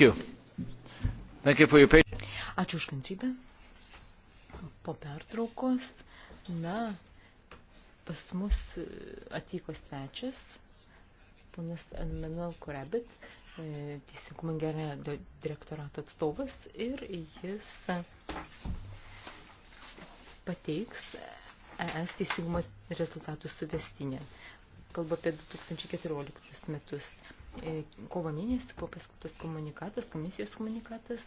Thank you. Thank you for your patience. Ačiū už kantrybę. Po pertraukos, na, pas mus atvyko svečias, ponas Manuel Korabit, e, teisingumo gerio direktorato atstovas ir jis pateiks ES teisingumo rezultatų suvestinę. Kalba apie 2014 metus. E, kovo mėnesį buvo paskutas komunikatas, komisijos komunikatas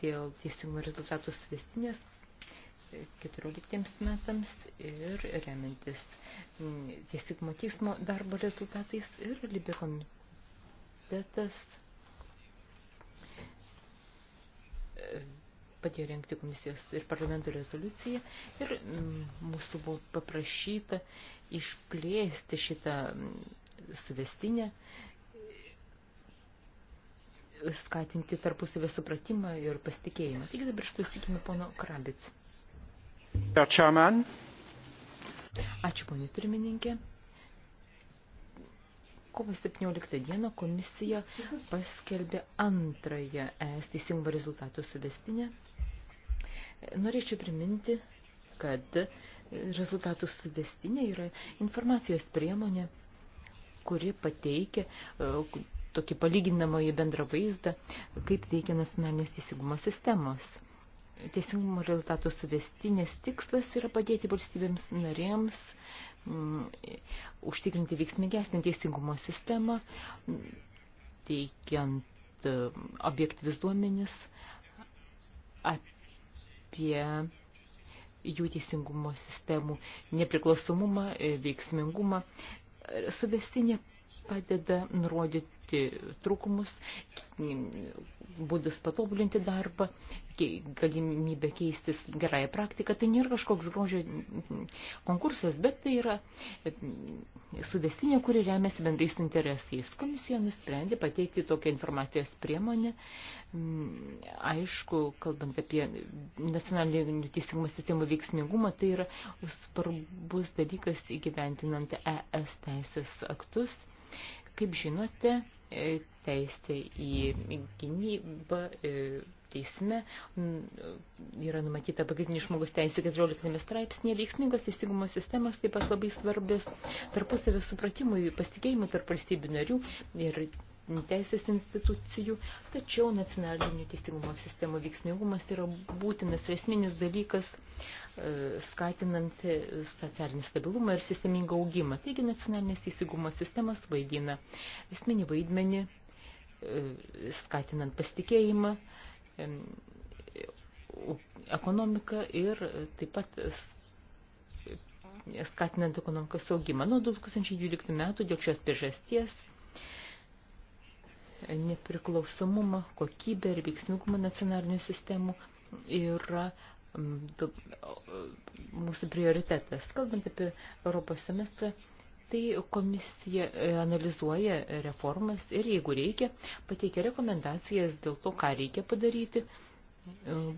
dėl teisingumo rezultatų svestinės 14 e, metams ir remintis teisingumo teismo darbo rezultatais ir Libė komitetas e, padėjo rengti komisijos ir parlamento rezoliuciją ir mūsų buvo paprašyta išplėsti šitą suvestinę, skatinti tarpusavę supratimą ir pasitikėjimą. Taigi dabar išklausykime pono Krabic. Ačiū, ponė pirmininkė. Kovo 17 dieną komisija paskelbė antrąją ES teisingumo rezultatų suvestinę. Norėčiau priminti, kad rezultatų suvestinė yra informacijos priemonė, kuri pateikia tokį palyginamąjį bendrą vaizdą, kaip veikia nacionalinės teisingumo sistemos. Teisingumo rezultatų suvestinės tikslas yra padėti valstybėms narėms m, mm, užtikrinti veiksmingesnį teisingumo sistemą, teikiant mm, objektyvis duomenis apie jų teisingumo sistemų nepriklausomumą, veiksmingumą. Suvestinė padeda nurodyti aptarti trūkumus, būdus patobulinti darbą, galimybę keistis gerąją praktiką. Tai nėra kažkoks grožio konkursas, bet tai yra suvestinė, kuri remiasi bendrais interesais. Komisija nusprendė pateikti tokią informacijos priemonę. Aišku, kalbant apie nacionalinių teisingumo sistemų veiksmingumą, tai yra svarbus dalykas įgyventinant ES teisės aktus. Kaip žinote, E, teisė į gynybą e, teisme mm, e, yra numatyta pagrindinė žmogus teisė 14 straipsnėje veiksmingos teisingumo sistemos taip pat labai svarbės tarpusavio supratimui, pasitikėjimui tarp valstybių narių ir teisės institucijų, tačiau nacionalinių teisingumo sistemų veiksmingumas yra būtinas ir esminis dalykas e, skatinant socialinį stabilumą ir sistemingą augimą. Taigi nacionalinės teisingumo sistemas vaidina esminį vaidmenį, e, skatinant pasitikėjimą e, ekonomiką ir taip pat skatinant ekonomikos augimą. Nuo 2012 metų dėl šios priežasties nepriklausomumą, kokybę ir veiksmingumą nacionalinių sistemų yra mūsų prioritetas. Kalbant apie Europos semestrą, tai komisija e, analizuoja reformas ir jeigu reikia, pateikia rekomendacijas dėl to, ką reikia padaryti. E,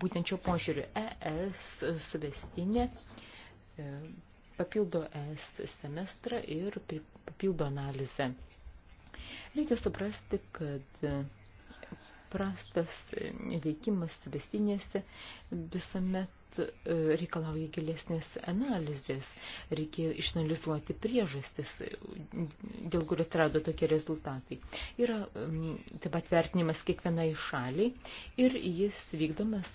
būtent šio požiūriu ES suvestinė e, papildo ES semestrą ir papildo analizę. Reikia suprasti, kad prastas veikimas subestinėse visuomet e, reikalauja gilesnės analizės, reikia išanalizuoti priežastis, dėl kurio atrado tokie rezultatai. Yra taip pat vertinimas kiekvienai šaliai ir jis vykdomas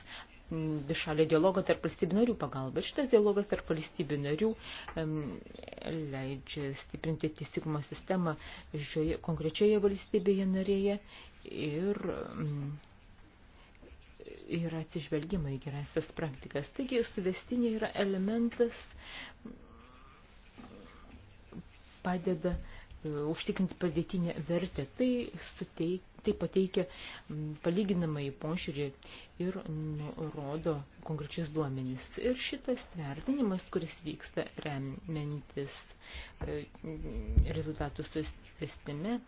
dvišalį dialogą tarp valstybių narių pagalba. Šitas dialogas tarp valstybių narių leidžia stiprinti teisingumo sistemą šioje konkrečioje valstybėje narėje ir yra atsižvelgimai gerasias praktikas. Taigi suvestinė yra elementas padeda uh, E, užtikrinti pavietinę vertę. Tai, suteik, tai pateikia palyginamąjį požiūrį ir rodo konkrečius duomenys. Ir šitas vertinimas, kuris vyksta remiantis e, rezultatų sustime,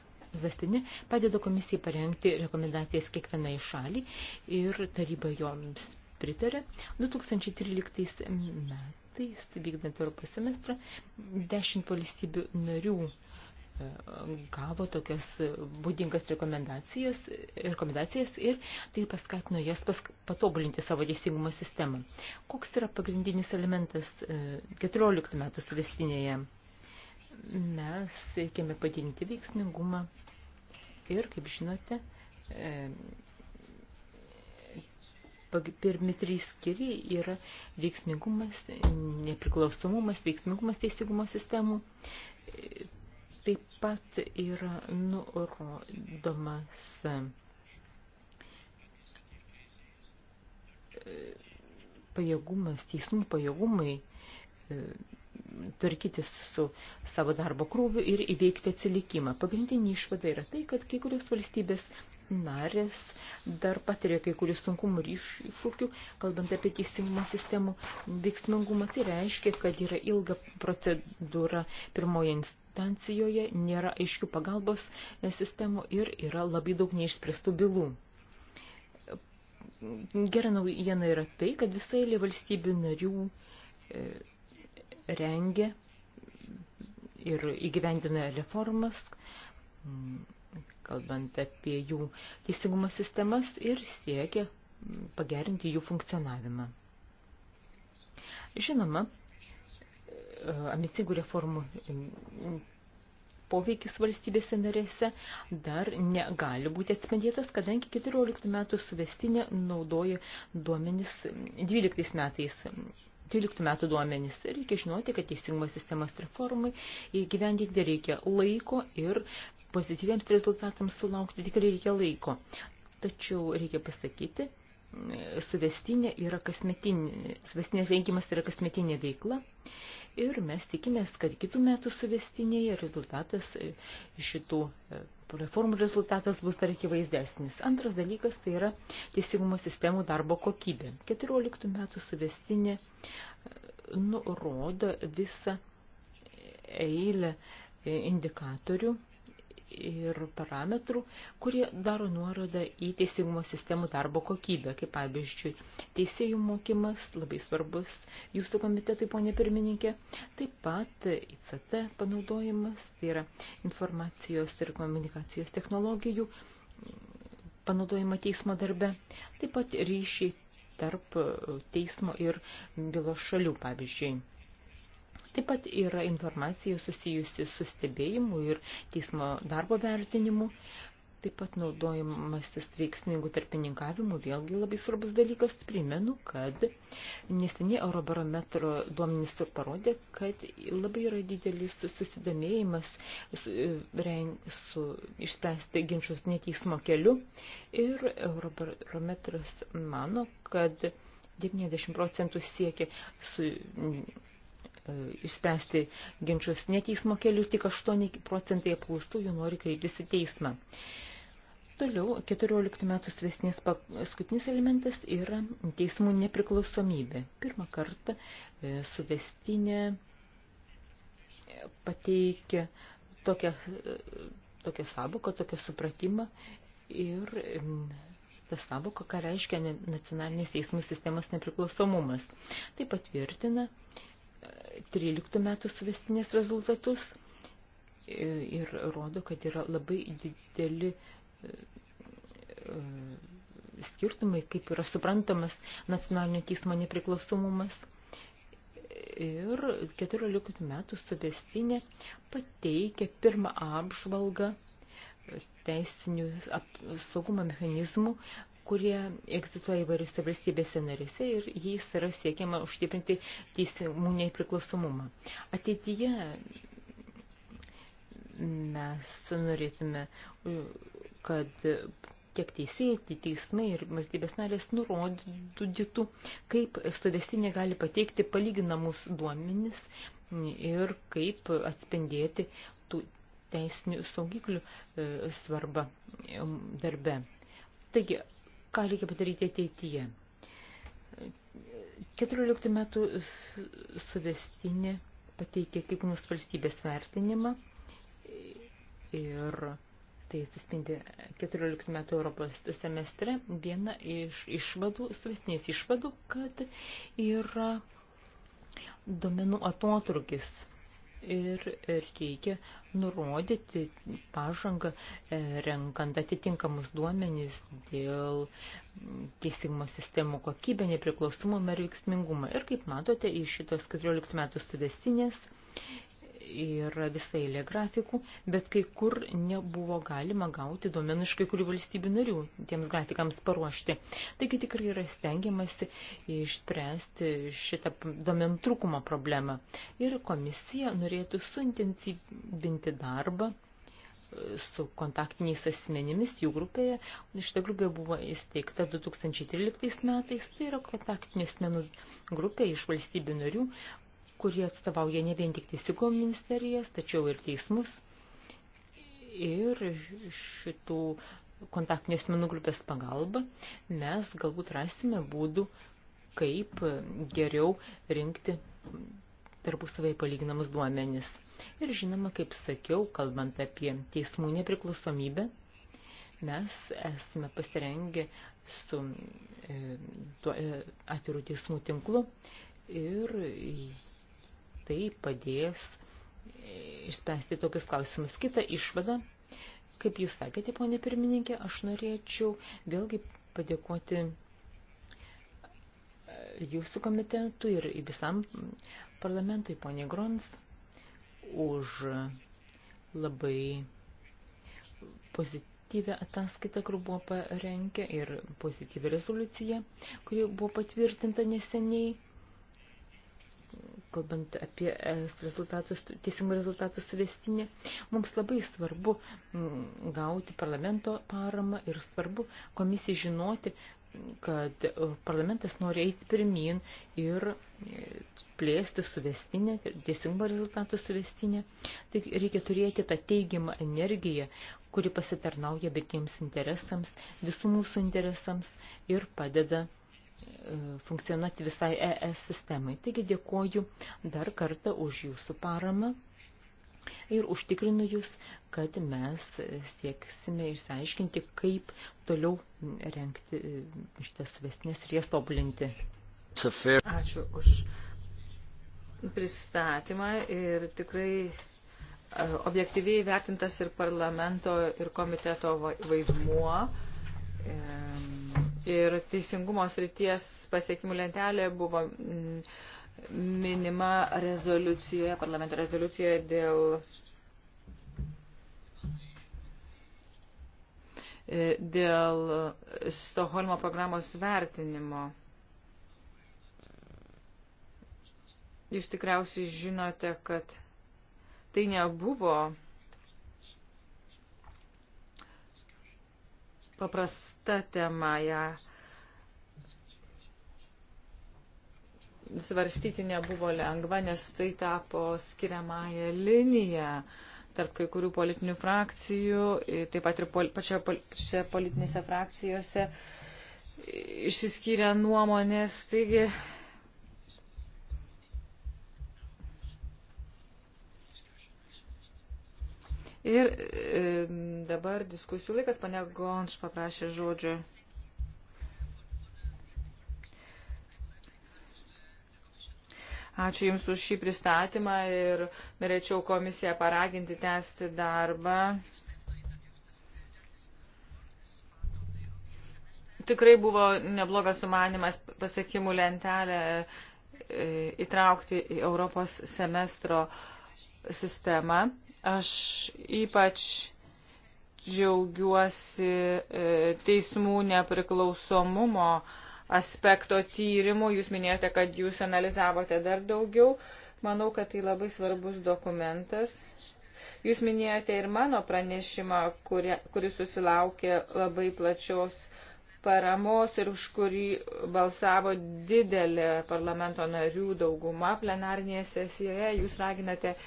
Vestinė padeda komisijai parengti rekomendacijas kiekvienai šaliai ir taryba joms pritarė 2013 metais, vykdant Europos semestrą, 10 valstybių narių uh, gavo tokias būdingas rekomendacijas, rekomendacijas ir tai paskatino jas pas, patobulinti savo teisingumo sistemą. Koks yra pagrindinis elementas 14 e, metų suvestinėje? Mes siekėme padidinti veiksmingumą ir, kaip žinote, e, pirmi trys skiriai yra veiksmingumas, nepriklausomumas, veiksmingumas teisingumo sistemų taip pat yra nurodomas e, pajėgumas, teismų pajėgumai e, tvarkytis su savo darbo krūviu ir įveikti atsilikimą. Pagrindinė išvada yra tai, kad kai kurios valstybės narės dar patiria kai kurių sunkumų ir iššūkių, kalbant apie teisingumo sistemų veiksmingumą. Tai reiškia, kad yra ilga procedūra pirmoje instancijoje instancijoje, nėra aiškių pagalbos e, sistemų ir yra labai daug neišspręstų bylų. Gera naujiena yra tai, kad visai valstybių narių e, rengia ir įgyvendina reformas, kalbant apie jų teisingumo sistemas ir siekia pagerinti jų funkcionavimą. Žinoma, ambicingų reformų poveikis valstybėse narėse dar negali būti atspendėtas, kadangi 14 metų suvestinė naudoja duomenis 12 metais. 12 metų duomenys. Reikia žinoti, kad teisingumo sistemas reformai įgyvendinti reikia laiko ir pozityviems rezultatams sulaukti tikrai reikia laiko. Tačiau reikia pasakyti, suvestinė yra kasmetinė, suvestinės rengimas yra kasmetinė veikla ir mes tikimės, kad kitų metų suvestinėje rezultatas e, šitų e, reformų rezultatas bus dar akivaizdesnis. Antras dalykas tai yra teisingumo sistemų darbo kokybė. 14 metų suvestinė e, nurodo visą eilę indikatorių ir parametrų, kurie daro nuorodą į teisingumo sistemų darbo kokybę, kaip pavyzdžiui, teisėjų mokymas, labai svarbus jūsų komitetai, ponė pirmininkė, taip pat ICT panaudojimas, tai yra informacijos ir komunikacijos technologijų panaudojimą teismo darbe, taip pat ryšiai tarp teismo ir bylos šalių, pavyzdžiui Taip pat yra informacija susijusi su stebėjimu ir teismo darbo vertinimu. Taip pat naudojamasis veiksmingų tarpininkavimų vėlgi labai svarbus dalykas. Primenu, kad neseniai Eurobarometro duomenys ir parodė, kad labai yra didelis susidomėjimas su, su išspręsti ginčius neteismo keliu. Ir Eurobarometras mano, kad 90 procentų siekia su E, išspręsti ginčius neteismo keliu, tik 8 procentai apklaustųjų nori kreiptis į teismą. Toliau 14 metų svesnės paskutinis elementas yra teismų nepriklausomybė. Pirmą kartą e, suvestinė pateikia tokią, e, tokią savoką, tokią supratimą ir ta savoka, ką reiškia nacionalinės teismų sistemos nepriklausomumas. Tai patvirtina 13 metų suvestinės rezultatus ir rodo, kad yra labai dideli e, e, skirtumai, kaip yra suprantamas nacionalinio teismo nepriklausomumas. Ir 14 metų suvestinė pateikė pirmą apžvalgą teisinių saugumo mechanizmų kurie egzistuoja įvairiose valstybėse narėse ir jais yra siekiama užtikrinti teisimų nepriklausomumą. Ateityje mes norėtume, kad tiek teisėjai, tiek teismai ir valstybės narės nurodytų, kaip stovestinė gali pateikti palyginamus duomenis ir kaip atspindėti tų teisinių saugiklių e, svarbą e, darbe. Taigi, ką reikia padaryti ateityje. 14 metų suvestinė pateikė kiekvienos valstybės vertinimą ir tai atsispindi 14 metų Europos semestre viena iš išvadų, suvestinės išvadų, kad yra domenų atotrukis ir reikia nurodyti pažangą, e, renkant atitinkamus duomenys dėl teisingumo sistemų kokybę, nepriklausomumą ir veiksmingumą. Ir kaip matote, iš šitos 14 metų suvestinės ir visai lė grafikų, bet kai kur nebuvo galima gauti duomenų iš kai kurių valstybių narių tiems grafikams paruošti. Taigi tikrai yra stengiamasi išspręsti šitą duomenų trūkumo problemą. Ir komisija norėtų suintensyvinti darbą su kontaktiniais asmenimis jų grupėje. Šita grupė buvo įsteigta 2013 metais. Tai yra kontaktinių asmenų grupė iš valstybių narių, kurie atstovauja ne vien tik teisingumo ministerijas, tačiau ir teismus. Ir šitų kontaktinių asmenų grupės pagalba mes galbūt rasime būdų, kaip geriau rinkti tarpusavai palyginamus duomenis. Ir žinoma, kaip sakiau, kalbant apie teismų nepriklausomybę, mes esame pasirengę su e, tuo, e, atvirų teismų tinklu ir tai padės išspręsti tokius klausimus. Kita išvada, kaip jūs sakėte, ponė pirmininkė, aš norėčiau vėlgi padėkoti jūsų komitetui ir visam parlamentui, ponė Grons, už labai pozityvę ataskaitą, kur buvo parengę ir pozityvę rezoliuciją, kuri buvo patvirtinta neseniai kalbant apie e, rezultatus, teisimo rezultatų suvestinį, mums labai svarbu mm, gauti parlamento paramą ir svarbu komisijai žinoti, kad e, parlamentas nori eiti pirmin ir e, plėsti suvestinę, teisingumo rezultatų suvestinę. Tai reikia turėti tą teigiamą energiją, kuri pasitarnauja betiems interesams, visų mūsų interesams ir padeda funkcionuoti visai ES sistemai. Taigi dėkoju dar kartą už jūsų paramą ir užtikrinu jūs, kad mes sieksime išsiaiškinti, kaip toliau renkti šitas suvestinės ir jas tobulinti. Ačiū už pristatymą ir tikrai e, objektyviai vertintas ir parlamento ir komiteto vaidmuo. E, ir teisingumo srities pasiekimų lentelė buvo mm, minima rezoliucijoje, parlamento rezoliucijoje dėl, e, dėl Stoholmo programos vertinimo. Jūs tikriausiai žinote, kad tai nebuvo paprasta tema, ją svarstyti nebuvo lengva, nes tai tapo skiriamąją liniją tarp kai kurių politinių frakcijų, taip pat ir pol, pačioje, pačioje politinėse frakcijose išsiskyrė nuomonės, taigi Ir e, dabar diskusijų laikas, pane Gonš paprašė žodžio. Ačiū Jums už šį pristatymą ir norėčiau komisiją paraginti tęsti darbą. Tikrai buvo neblogas sumanimas pasiekimų lentelę e, įtraukti į Europos semestro sistemą. Aš ypač džiaugiuosi e, teismų nepriklausomumo aspekto tyrimų. Jūs minėjote, kad jūs analizavote dar daugiau. Manau, kad tai labai svarbus dokumentas. Jūs minėjote ir mano pranešimą, kuri, kuris susilaukė labai plačios paramos ir už kurį balsavo didelė parlamento narių dauguma plenarnėje sesijoje. Jūs raginate uh,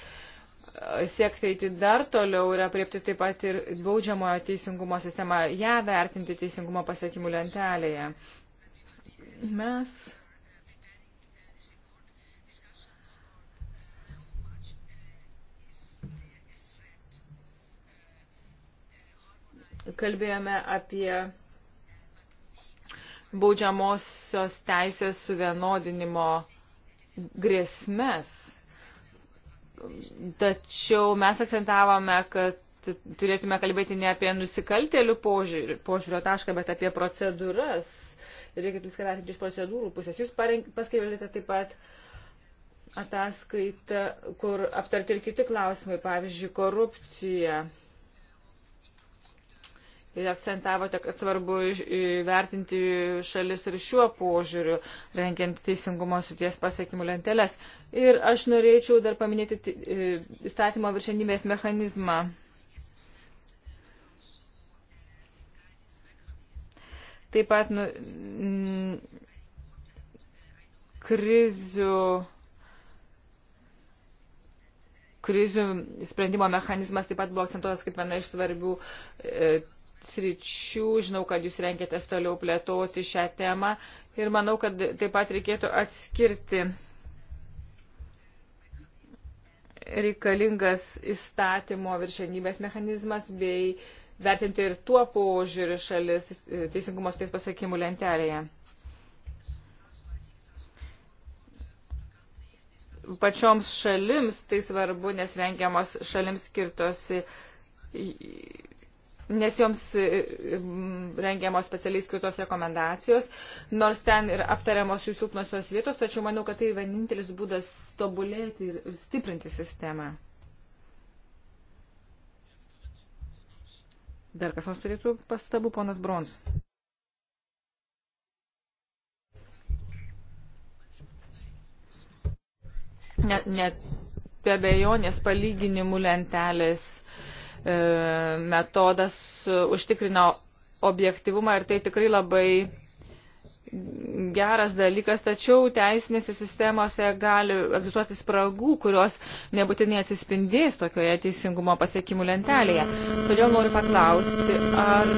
siekti eiti dar toliau ir apriepti taip pat ir baudžiamojo teisingumo sistemą, ją vertinti teisingumo pasiekimų lentelėje. Mes kalbėjome apie baudžiamosios teisės suvienodinimo grėsmes tačiau mes akcentavome, kad turėtume kalbėti ne apie nusikaltėlių požiūrį, požiūrio tašką, bet apie procedūras. Reikia viską vertinti iš procedūrų pusės. Jūs paskelbėte taip pat ataskaitą, kur aptarti ir kiti klausimai, pavyzdžiui, korupcija ir akcentavote, kad svarbu vertinti šalis ir šiuo požiūriu, renkiant teisingumo suties pasiekimų lenteles. Ir aš norėčiau dar paminėti e, įstatymo viršenybės mechanizmą. Taip pat nu, krizių krizių sprendimo mechanizmas taip pat buvo akcentuotas kaip viena iš svarbių e, sričių. Žinau, kad jūs renkėtės toliau plėtoti šią temą ir manau, kad taip pat reikėtų atskirti reikalingas įstatymo viršenybės mechanizmas bei vertinti ir tuo požiūrį šalis e, teisingumo sties pasakymų lentelėje. Pačioms šalims tai svarbu, nes rengiamos šalims skirtos nes joms e, e, rengiamos specialiai skirtos rekomendacijos, nors ten ir aptariamos jų silpnosios vietos, tačiau manau, kad tai vienintelis būdas tobulėti ir stiprinti sistemą. Dar kas nors turėtų pastabų, ponas Brons. Net ne, be abejonės palyginimų lentelės E, metodas užtikrino objektivumą ir tai tikrai labai geras dalykas, tačiau teisinėse sistemose gali egzistuoti spragų, kurios nebūtinai atsispindės tokioje teisingumo pasiekimų lentelėje. Todėl noriu paklausti, ar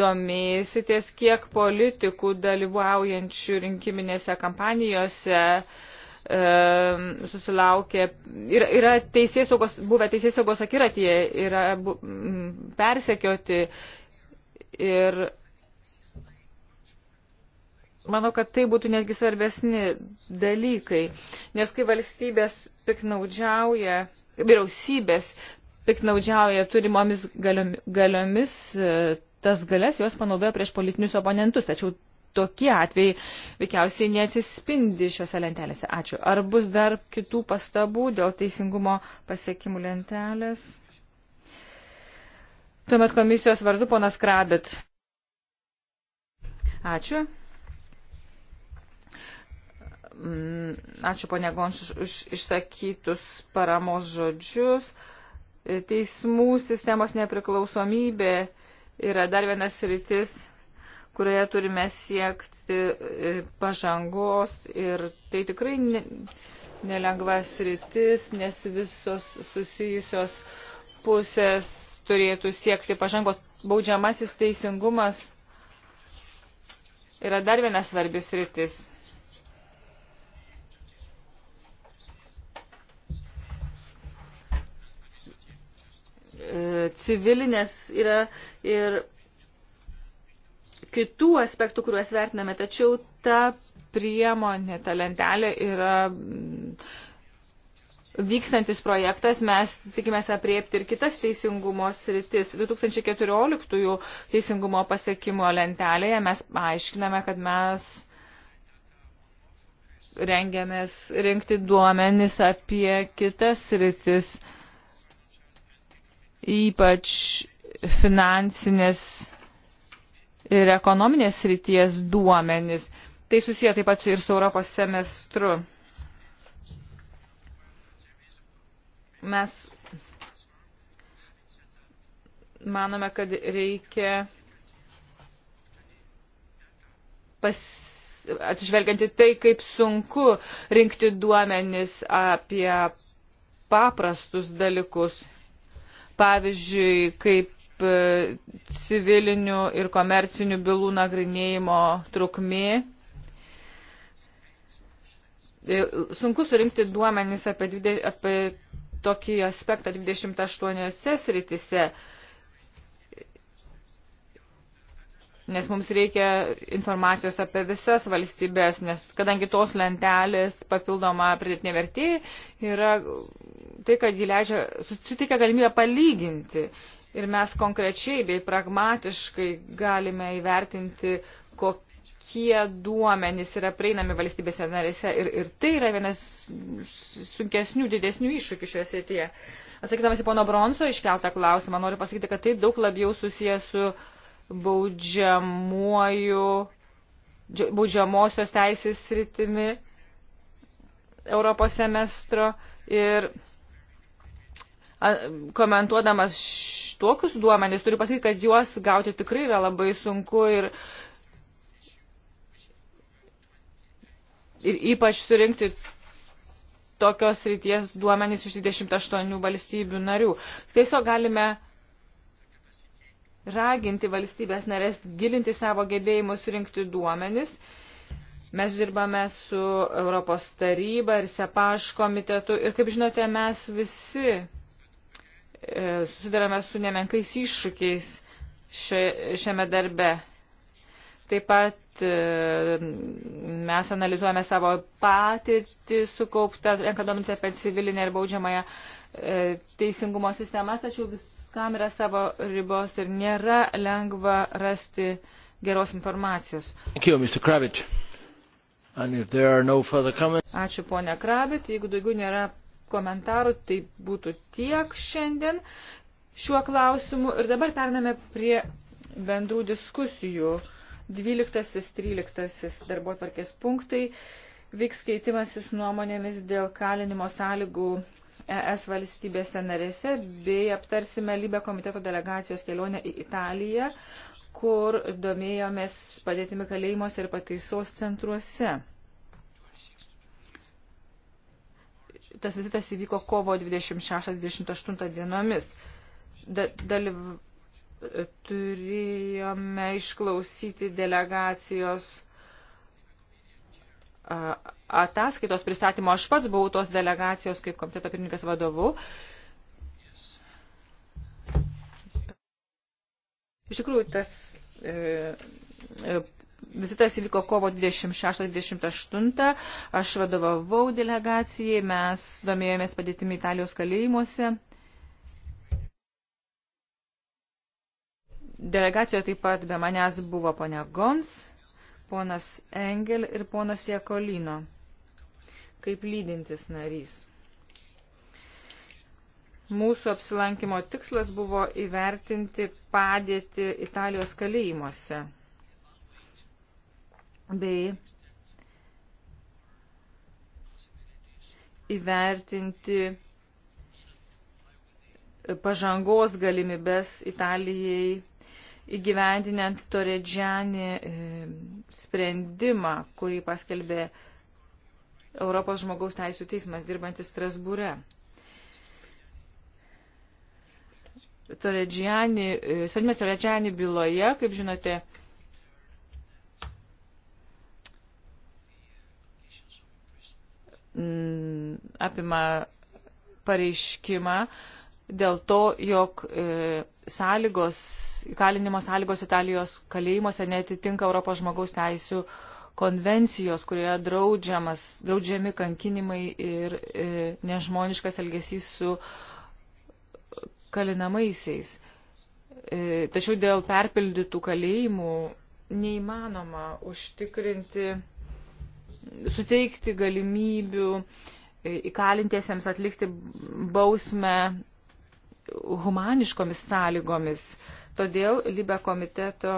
domėsitės, kiek politikų dalyvaujančių rinkiminėse kampanijose uh, susilaukė, yra, yra teisės saugos, buvę teisės saugos akiratyje, yra bu, m, persekioti ir manau, kad tai būtų netgi svarbesni dalykai, nes kai valstybės piknaudžiauja, vyriausybės piknaudžiauja turimomis galiomis, galiomis tas galės jos panaudoja prieš politinius oponentus, tačiau tokie atvejai veikiausiai neatsispindi šiuose lentelėse. Ačiū. Ar bus dar kitų pastabų dėl teisingumo pasiekimų lentelės? Tuomet komisijos vardu ponas Krabit. Ačiū. Mm, ačiū ponė Gonš už išsakytus paramos žodžius. Teismų sistemos nepriklausomybė yra dar vienas rytis, kurioje turime siekti e, pažangos ir tai tikrai ne, nelengva sritis, nes visos susijusios pusės turėtų siekti pažangos. Baudžiamasis teisingumas yra dar vienas svarbis sritis. E, civilinės yra ir kitų aspektų, kuriuos vertiname, tačiau ta priemonė, ta lentelė yra mm, vykstantis projektas, mes tikimės apriepti ir kitas teisingumo sritis. 2014 teisingumo pasiekimo lentelėje mes aiškiname, kad mes rengiamės rinkti duomenis apie kitas sritis, ypač finansinės ir ekonominės ryties duomenis. Tai susiję taip pat ir su Europos semestru. Mes manome, kad reikia pas, atsižvelgianti tai, kaip sunku rinkti duomenis apie paprastus dalykus. Pavyzdžiui, kaip kaip e, civilinių ir komercinių bylų nagrinėjimo trukmė. E, sunku surinkti duomenys apie, 20, apie tokį aspektą 28 sritise, nes mums reikia informacijos apie visas valstybės, nes kadangi tos lentelės papildoma pridėtinė vertė yra tai, kad jį leidžia, sutikia galimybę palyginti ir mes konkrečiai bei pragmatiškai galime įvertinti, kokie duomenys yra prieinami valstybėse narėse ir, ir tai yra vienas sunkesnių, didesnių iššūkių šioje srityje. Atsakydamas į pono Bronso iškeltą klausimą, noriu pasakyti, kad tai daug labiau susijęs su baudžiamuoju, baudžiamosios teisės sritimi Europos semestro ir komentuodamas tokius duomenys, turiu pasakyti, kad juos gauti tikrai yra labai sunku ir, ir ypač surinkti tokios ryties duomenys iš 28 valstybių narių. Tiesiog galime raginti valstybės narės gilinti savo gebėjimus rinkti duomenis. Mes dirbame su Europos taryba ir SEPAŠ komitetu ir, kaip žinote, mes visi E, susidarame su nemenkais iššūkiais šiame darbe. Taip pat e, mes analizuojame savo patirtį sukauptą, renkant apie civilinę ir baudžiamąją e, teisingumo sistemas, tačiau viskam yra savo ribos ir nėra lengva rasti geros informacijos. Thank you, Mr. Kravit. No Ačiū, ponia Kravit. Jeigu daugiau nėra komentarų tai būtų tiek šiandien šiuo klausimu. Ir dabar pername prie bendrų diskusijų. 12-13 darbo tvarkės punktai vyks keitimasis nuomonėmis dėl kalinimo sąlygų ES valstybėse narėse, bei aptarsime Libė komiteto delegacijos kelionę į Italiją, kur domėjomės padėtimi kalėjimuose ir pataisos centruose. tas vizitas įvyko kovo 26-28 dienomis. Da, dalyv, turėjome išklausyti delegacijos ataskaitos pristatymo. Aš pats buvau tos delegacijos kaip komiteto pirmininkas vadovu. Iš tikrųjų, tas e, e, vizitas įvyko kovo 26-28. Aš vadovavau delegacijai, mes domėjomės padėtimi Italijos kalėjimuose. Delegacijoje taip pat be manęs buvo ponia Gons, ponas Engel ir ponas Jekolino, kaip lydintis narys. Mūsų apsilankimo tikslas buvo įvertinti padėtį Italijos kalėjimuose bei įvertinti pažangos galimybės Italijai įgyvendinant Toredžianį e, sprendimą, kurį paskelbė Europos žmogaus teisų teismas dirbantis Strasbūre. Toredžiani, e, sprendimas Toredžiani byloje, kaip žinote, Mm, apima pareiškimą dėl to, jog e, sąlygos, įkalinimo sąlygos Italijos kalėjimuose netitinka Europos žmogaus teisų konvencijos, kurioje draudžiamas, draudžiami kankinimai ir e, nežmoniškas elgesys su kalinamaisiais. E, tačiau dėl perpildytų kalėjimų neįmanoma užtikrinti suteikti galimybių e, įkalintiesiems atlikti bausmę humaniškomis sąlygomis. Todėl Libe komiteto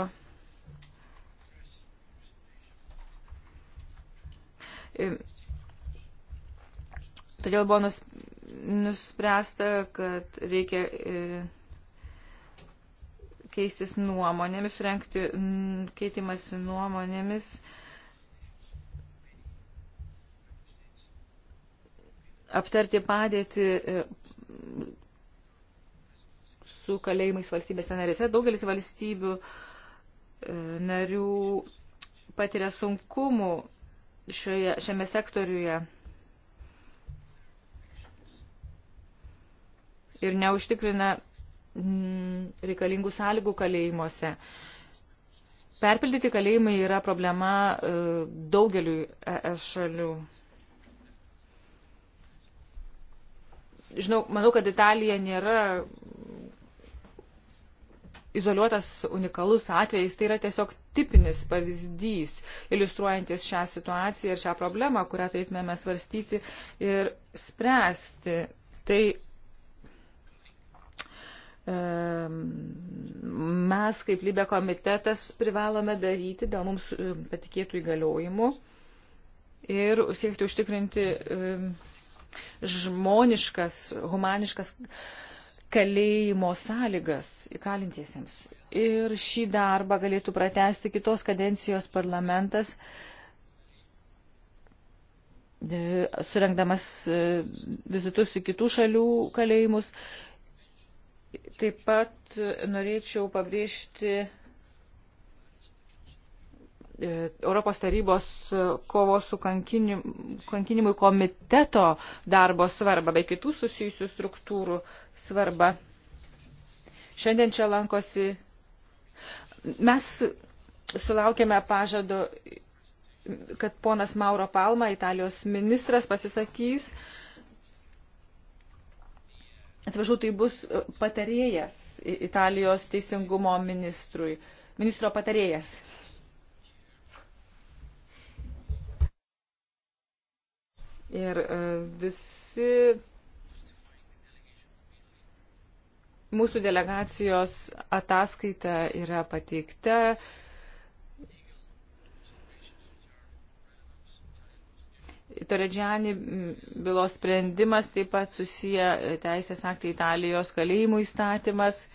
e, Todėl buvo nuspręsta, kad reikia e, keistis nuomonėmis, renkti keitimasi nuomonėmis aptarti padėtį e, su kalėjimais valstybėse narėse. Daugelis valstybių e, narių patiria sunkumų šioje, šiame sektoriuje ir neužtikrina mm, reikalingų sąlygų kalėjimuose. Perpildyti kalėjimai yra problema e, daugeliu ES šalių. žinau, manau, kad Italija nėra izoliuotas unikalus atvejis, tai yra tiesiog tipinis pavyzdys, iliustruojantis šią situaciją ir šią problemą, kurią turėtumėme svarstyti ir spręsti. Tai mes kaip Libė komitetas privalome daryti dėl mums patikėtų įgaliojimų ir siekti užtikrinti žmoniškas, humaniškas kalėjimo sąlygas įkalintiesiems. Ir šį darbą galėtų pratesti kitos kadencijos parlamentas, e, surengdamas e, vizitus į kitų šalių kalėjimus. Taip pat norėčiau pabrėžti Europos tarybos kovos su kankinimui komiteto darbo svarbą bei kitų susijusių struktūrų svarbą. Šiandien čia lankosi. Mes sulaukėme pažado, kad ponas Mauro Palma, Italijos ministras, pasisakys. Atsiprašau, tai bus patarėjas Italijos teisingumo ministrui, ministro patarėjas. Ir e, visi mūsų delegacijos ataskaita yra pateikta. Toredžiani bylos sprendimas taip pat susiję teisės aktai Italijos kalėjimų įstatymas.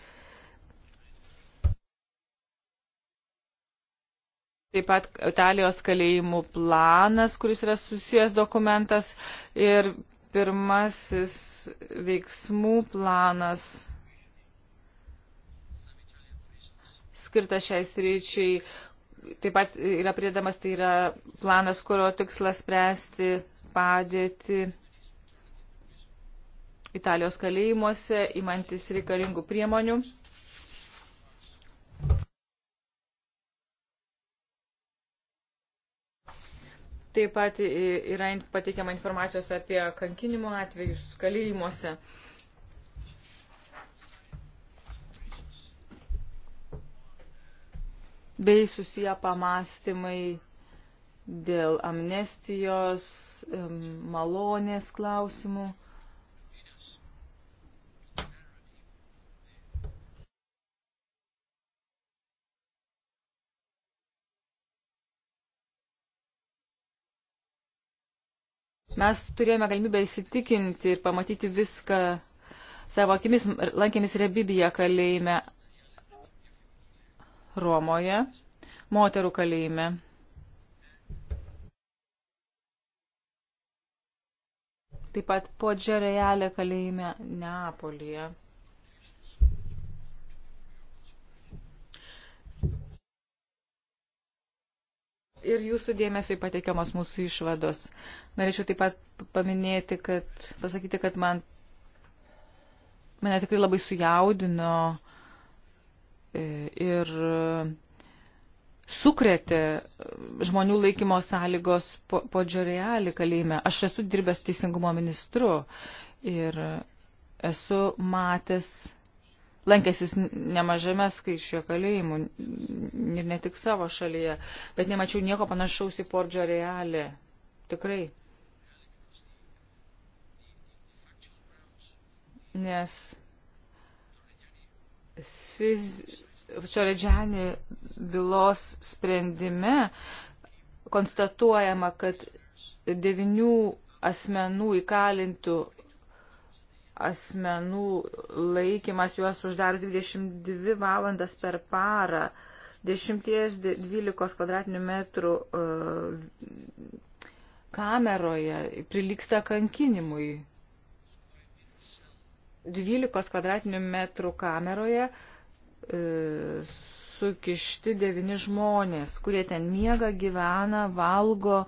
Taip pat Italijos kalėjimų planas, kuris yra susijęs dokumentas ir pirmasis veiksmų planas skirtas šiais ryčiai. Taip pat yra priedamas, tai yra planas, kurio tikslas spręsti padėti Italijos kalėjimuose, imantis reikalingų priemonių. Taip pat yra pateikiama informacijos apie kankinimo atvejus kalėjimuose. Bei susiję pamastymai dėl amnestijos, malonės klausimų. Mes turėjome galimybę įsitikinti ir pamatyti viską savo akimis, lankėmis Rebibiją kalėjime Romoje, moterų kalėjime. Taip pat po Džerejalė kalėjime Neapolyje. ir jūsų dėmesio pateikiamos mūsų išvados. Norėčiau taip pat paminėti, kad pasakyti, kad man, mane tikrai labai sujaudino e, ir e, sukrėtė e, žmonių laikymo sąlygos po, po džiorelį kalėjime. Aš esu dirbęs teisingumo ministru ir esu matęs lankęsis nemažame skaičiuje kalėjimų ir ne tik savo šalyje, bet nemačiau nieko panašaus į Pordžio realį. Tikrai. Nes fiz... Čioredžiani bylos sprendime konstatuojama, kad devinių asmenų įkalintų asmenų laikymas juos uždarius 22 valandas per parą, 10-12 e, kvadratinių metrų kameroje priliksta kankinimui. 12 kvadratinių metrų kameroje sukišti devini žmonės, kurie ten miega, gyvena, valgo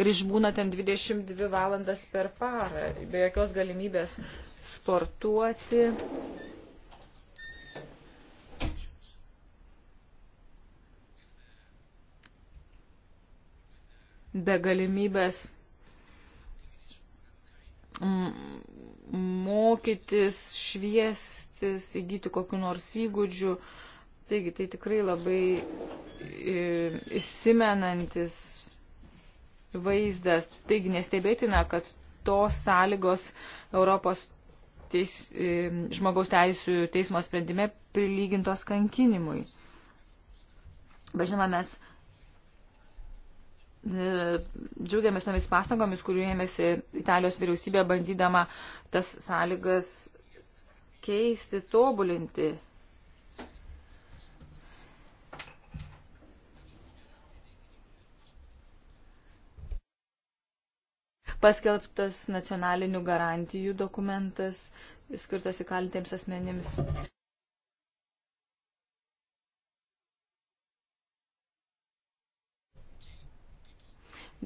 ir išbūna ten 22 valandas per parą, be jokios galimybės sportuoti. be galimybės mokytis, šviestis, įgyti kokiu nors įgūdžiu, uh, Taigi tai tikrai labai e, įsimenantis vaizdas. Taigi nestebėtina, kad tos sąlygos Europos teis, e, žmogaus teisų teismo sprendime prilygintos kankinimui. Bet žinoma, mes e, džiaugiamės tomis pastangomis, kurių ėmėsi Italijos vyriausybė bandydama tas sąlygas keisti, tobulinti. paskelbtas nacionalinių garantijų dokumentas skirtas įkalintiems asmenims.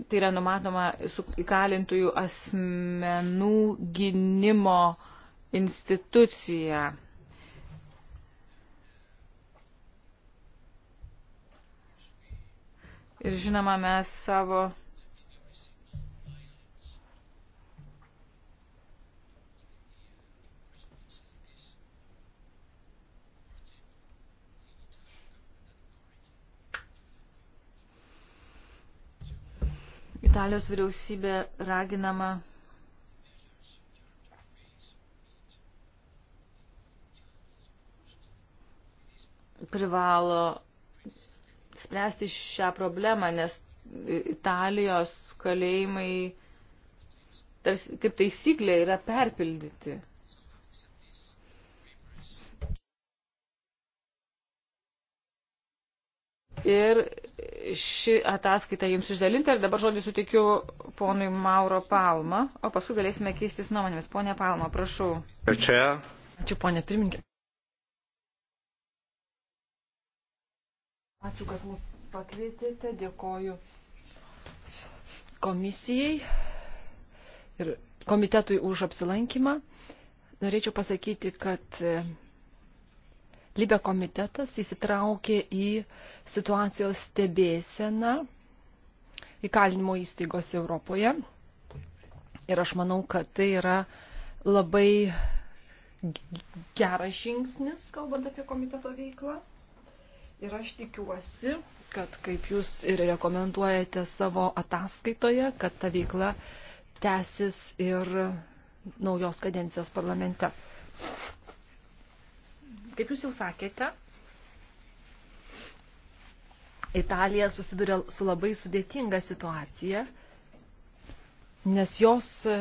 Tai yra numatoma su įkalintųjų asmenų gynimo institucija. Ir žinoma, mes savo Italijos vyriausybė raginama privalo spręsti šią problemą, nes Italijos kalėjimai tarsi, kaip taisyklė yra perpildyti. Ir ši ataskaita jums išdalinta ir dabar žodį sutikiu ponui Mauro Palma, o paskui galėsime keistis nuomonėmis. Pone Palma, prašau. Čia. Ačiū, ponė pirmininkė. Ačiū, kad mus pakvietėte, dėkoju komisijai ir komitetui už apsilankymą. Norėčiau pasakyti, kad Libė komitetas įsitraukė į situacijos stebėseną įkalinimo įstaigos Europoje. Ir aš manau, kad tai yra labai geras žingsnis, kalbant apie komiteto veiklą. Ir aš tikiuosi, kad kaip jūs ir rekomenduojate savo ataskaitoje, kad ta veikla tęsis ir naujos kadencijos parlamente. Kaip jūs jau sakėte, Italija susiduria su labai sudėtinga situacija, nes jos e,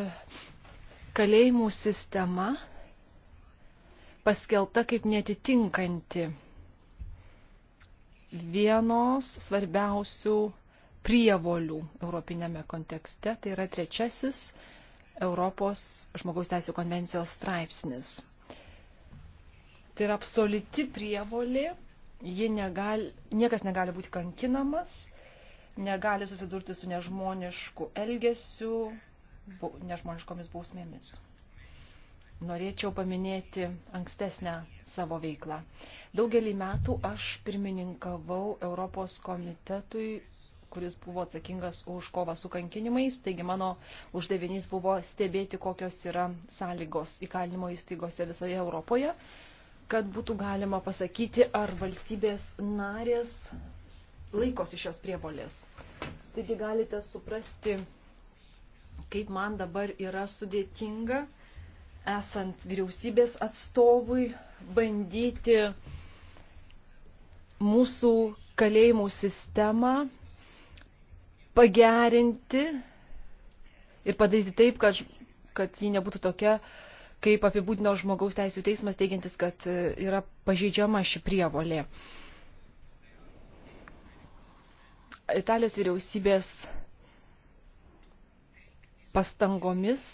kalėjimų sistema paskelbta kaip netitinkanti vienos svarbiausių prievolių europinėme kontekste, tai yra trečiasis Europos žmogaus teisų konvencijos straipsnis. Tai yra absoliuti prievolė, negali, niekas negali būti kankinamas, negali susidurti su nežmonišku elgesiu, nežmoniškomis bausmėmis. Norėčiau paminėti ankstesnę savo veiklą. Daugelį metų aš pirmininkavau Europos komitetui, kuris buvo atsakingas už kovą su kankinimais, taigi mano uždavinys buvo stebėti, kokios yra sąlygos įkalinimo įstaigose visoje Europoje kad būtų galima pasakyti, ar valstybės narės laikosi šios prievolės. Taigi galite suprasti, kaip man dabar yra sudėtinga, esant vyriausybės atstovui, bandyti mūsų kalėjimų sistemą pagerinti ir padaryti taip, kad, kad ji nebūtų tokia uh, kaip apibūdino žmogaus teisų teismas, teigiantis, kad e, yra pažeidžiama ši prievolė. Italijos vyriausybės pastangomis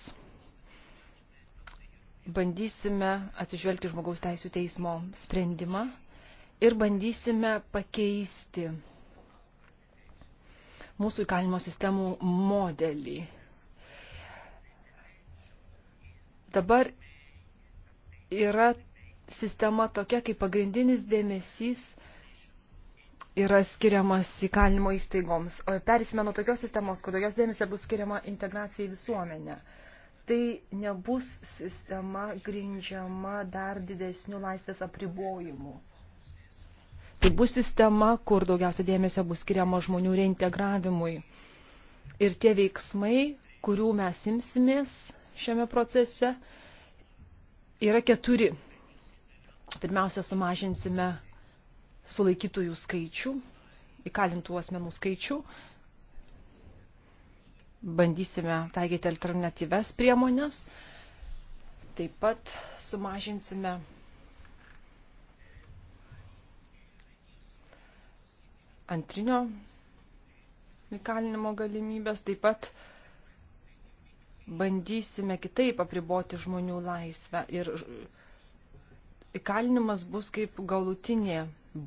bandysime atsižvelgti žmogaus teisų teismo sprendimą ir bandysime pakeisti mūsų įkalinimo sistemų modelį Dabar yra sistema tokia, kaip pagrindinis dėmesys yra skiriamas įkalinimo įstaigoms. O persime nuo tokios sistemos, kur jos dėmesio bus skiriama integracijai visuomenę. Tai nebus sistema grindžiama dar didesnių laisvės apribojimų. Tai bus sistema, kur daugiausia dėmesio bus skiriama žmonių reintegravimui. Ir tie veiksmai, kurių mes imsimės šiame procese, yra keturi. Pirmiausia, sumažinsime sulaikytųjų skaičių, įkalintų asmenų skaičių. Bandysime taikyti alternatyves priemonės. Taip pat sumažinsime antrinio įkalinimo galimybės, taip pat bandysime kitaip apriboti žmonių laisvę ir įkalinimas bus kaip galutinė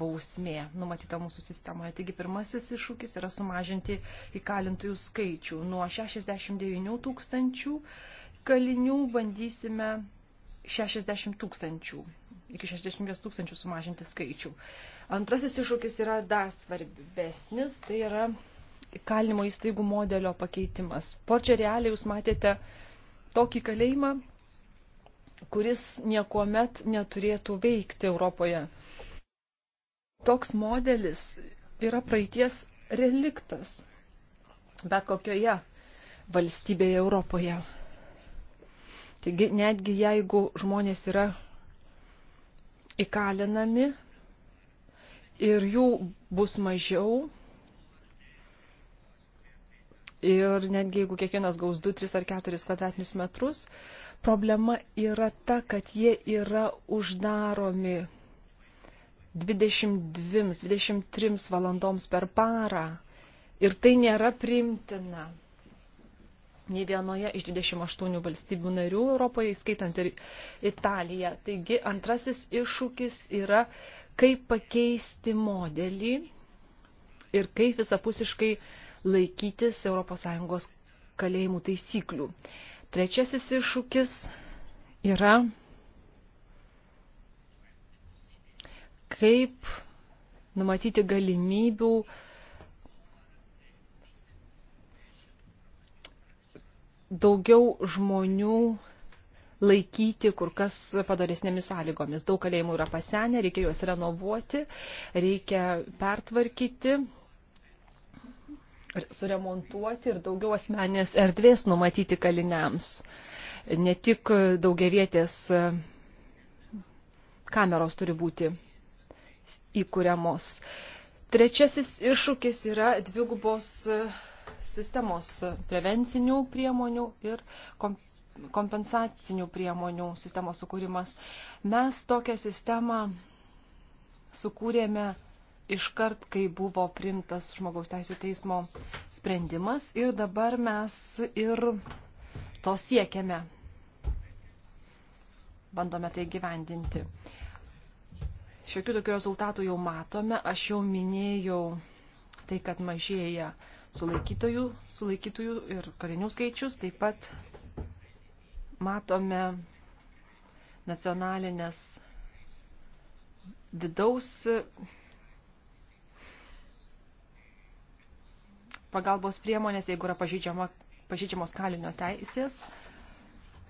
bausmė numatyta mūsų sistemoje. Taigi pirmasis iššūkis yra sumažinti įkalintųjų skaičių. Nuo 69 tūkstančių kalinių bandysime 60 tūkstančių. Iki 60 tūkstančių sumažinti skaičių. Antrasis iššūkis yra dar svarbesnis, tai yra kalinimo įstaigų modelio pakeitimas. Porčia realiai jūs matėte tokį kalėjimą, kuris niekuomet neturėtų veikti Europoje. Toks modelis yra praeities reliktas, bet kokioje valstybėje Europoje. Taigi netgi jeigu žmonės yra įkalinami ir jų bus mažiau, Ir netgi jeigu kiekvienas gaus 2, 3 ar 4 kvadratinius metrus, problema yra ta, kad jie yra uždaromi 22-23 valandoms per parą. Ir tai nėra primtina. Nei vienoje iš 28 valstybių narių Europoje, skaitant ir Italiją. Taigi antrasis iššūkis yra, kaip pakeisti modelį ir kaip visapusiškai uh, laikytis ES kalėjimų taisyklių. Trečiasis iššūkis yra kaip numatyti galimybių daugiau žmonių laikyti kur kas padaresnėmis sąlygomis. Daug kalėjimų yra pasenę, reikia juos renovuoti, reikia pertvarkyti, suremontuoti ir daugiau asmenės erdvės numatyti kaliniams. Ne tik daugiavietės e, kameros turi būti įkūriamos. Trečiasis iššūkis yra dvigubos e, sistemos prevencinių priemonių ir kompensacinių priemonių sistemos sukūrimas. Mes tokią sistemą sukūrėme iškart, kai buvo primtas žmogaus teisų teismo sprendimas ir dabar mes ir to siekiame. Bandome tai gyvendinti. Šiokių tokių rezultatų jau matome. Aš jau minėjau tai, kad mažėja sulaikytojų, sulaikytojų ir kalinių skaičius. Taip pat matome nacionalinės vidaus pagalbos priemonės, jeigu yra pažydžiamos kalinio teisės.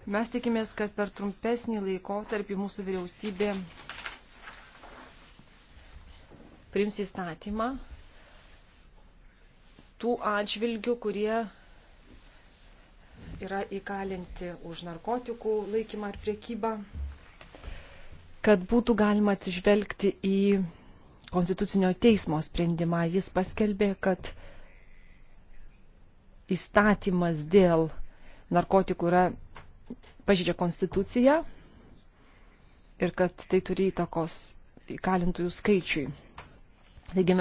Mes tikimės, kad per trumpesnį laikotarpį mūsų vyriausybė priims įstatymą tų atžvilgių, kurie yra įkalinti už narkotikų laikymą ar priekybą, kad būtų galima atsižvelgti į Konstitucinio teismo sprendimą. Jis paskelbė, kad įstatymas dėl narkotikų yra pažydžia konstituciją ir kad tai turi įtakos įkalintųjų skaičiui. Taigi,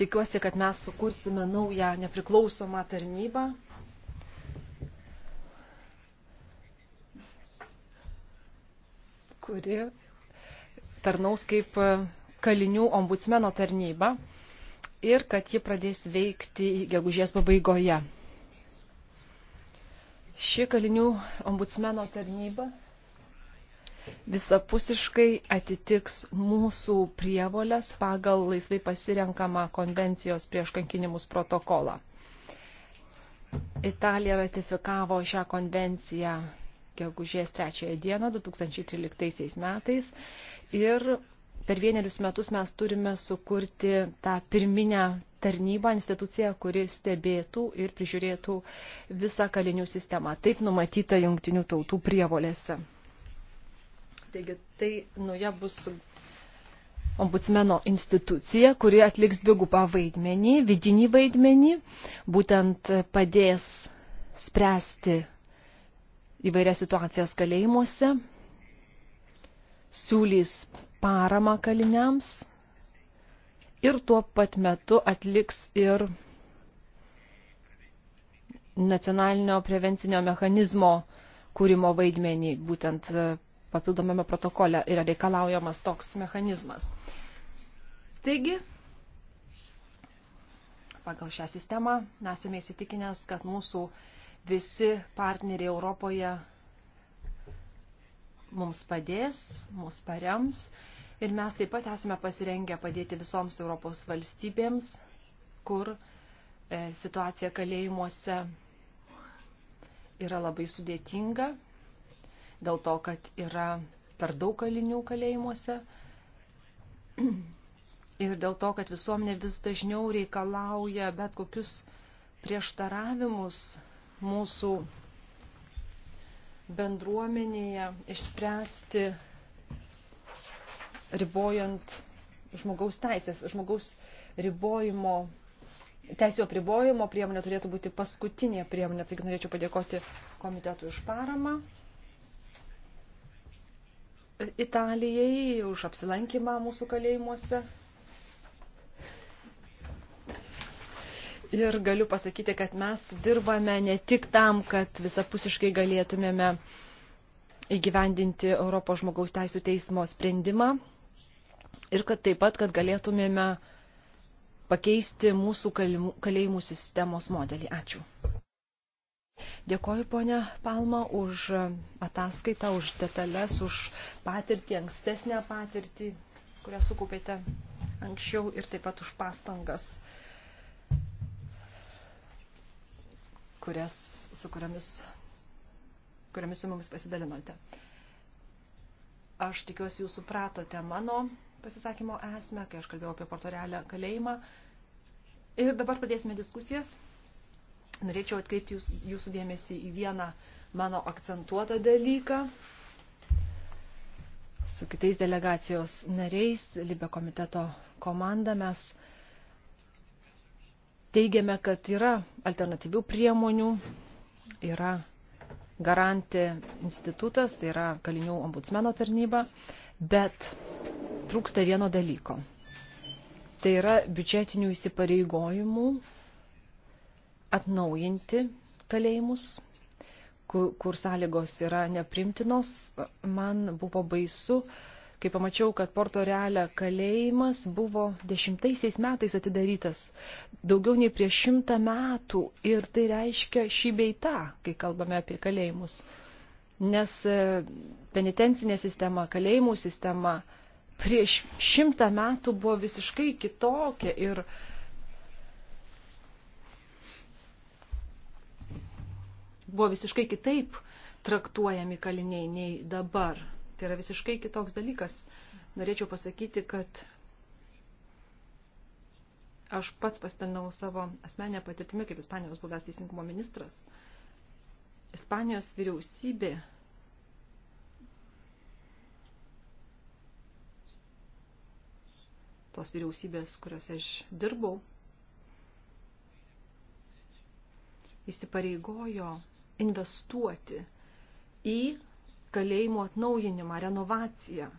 tikiuosi, kad mes sukursime naują nepriklausomą tarnybą. kuri tarnaus kaip e, kalinių ombudsmeno tarnyba ir kad ji pradės veikti gegužės pabaigoje. Ši kalinių ombudsmeno tarnyba visapusiškai atitiks mūsų prievolės pagal laisvai pasirenkamą konvencijos prieš kankinimus protokolą. Italija ratifikavo šią konvenciją gegužės 3 dieną 2013 metais ir per vienerius metus mes turime sukurti tą pirminę tarnybą, instituciją, kuri stebėtų ir prižiūrėtų visą kalinių sistemą. Taip numatyta jungtinių tautų prievolėse. Taigi tai nuja bus ombudsmeno institucija, kuri atliks dvigubą vaidmenį, vidinį vaidmenį, būtent padės spręsti įvairias situacijas kalėjimuose, siūlys paramą kaliniams ir tuo pat metu atliks ir nacionalinio prevencinio mechanizmo kūrimo vaidmenį, būtent e, papildomame protokole yra reikalaujamas toks mechanizmas. Taigi, pagal šią sistemą mes esame įsitikinęs, kad mūsų visi partneriai Europoje mums padės, mums parems Ir mes taip pat esame pasirengę padėti visoms Europos valstybėms, kur e, situacija kalėjimuose yra labai sudėtinga, dėl to, kad yra per daug kalinių kalėjimuose ir dėl to, kad visuomenė vis dažniau reikalauja bet kokius prieštaravimus mūsų bendruomenėje išspręsti ribojant žmogaus teisės. Žmogaus ribojimo, teisėjo pribojimo priemonė turėtų būti paskutinė priemonė. Taigi norėčiau padėkoti komitetui už paramą. Italijai už apsilankymą mūsų kalėjimuose. Ir galiu pasakyti, kad mes dirbame ne tik tam, kad visapusiškai galėtumėme įgyvendinti Europos žmogaus teisų teismo sprendimą ir kad taip pat, kad galėtumėme pakeisti mūsų kalėjimų sistemos modelį. Ačiū. Dėkoju, ponia Palma, už ataskaitą, už detalės, už patirtį, ankstesnę patirtį, kurią sukaupėte anksčiau ir taip pat už pastangas, kurias, su kuriamis, kuriamis su mumis pasidalinote. Aš tikiuosi, jūs supratote mano pasisakymo esmę, kai aš kalbėjau apie portorelę kalėjimą. Ir dabar pradėsime diskusijas. Norėčiau atkreipti jūs, jūsų dėmesį į vieną mano akcentuotą dalyką. Su kitais delegacijos nariais, Libe komiteto komanda, mes teigiame, kad yra alternatyvių priemonių, yra garantė institutas, tai yra kalinių ombudsmeno tarnyba, bet trūksta vieno dalyko. Tai yra biudžetinių įsipareigojimų atnaujinti kalėjimus, kur, kur sąlygos yra neprimtinos. Man buvo baisu, kai pamačiau, kad Porto Realia kalėjimas buvo dešimtaisiais metais atidarytas, daugiau nei prieš šimtą metų ir tai reiškia šį beitą, kai kalbame apie kalėjimus. Nes e, penitencinė sistema, kalėjimų sistema, prieš šimtą metų buvo visiškai kitokia ir buvo visiškai kitaip traktuojami kaliniai nei dabar. Tai yra visiškai kitoks dalykas. Norėčiau pasakyti, kad aš pats pasidalinau savo asmenę patirtimį kaip Ispanijos buvęs teisingumo ministras. Ispanijos vyriausybė tos vyriausybės, kuriuose aš dirbau, įsipareigojo investuoti į kalėjimo atnaujinimą, renovaciją.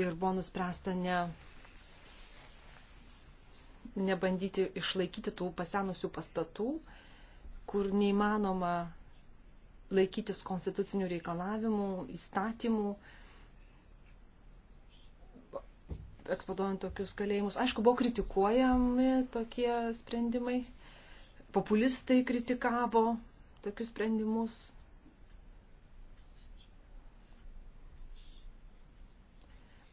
Ir buvo nuspręsta ne, nebandyti išlaikyti tų pasenusių pastatų, kur neįmanoma laikytis konstitucinių reikalavimų, įstatymų, eksploduojant tokius kalėjimus. Aišku, buvo kritikuojami tokie sprendimai, populistai kritikavo tokius sprendimus.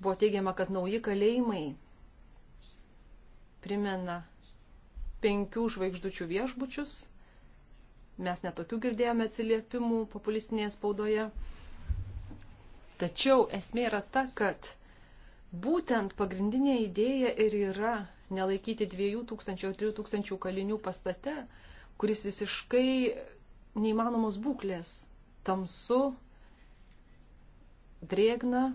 Buvo teigiama, kad nauji kalėjimai primena penkių žvaigždučių viešbučius – Mes netokių girdėjome atsiliepimų populistinėje spaudoje. Tačiau esmė yra ta, kad būtent pagrindinė idėja ir yra nelaikyti 2000 ar 3000 kalinių pastate, kuris visiškai neįmanomos būklės, tamsu, drėgna,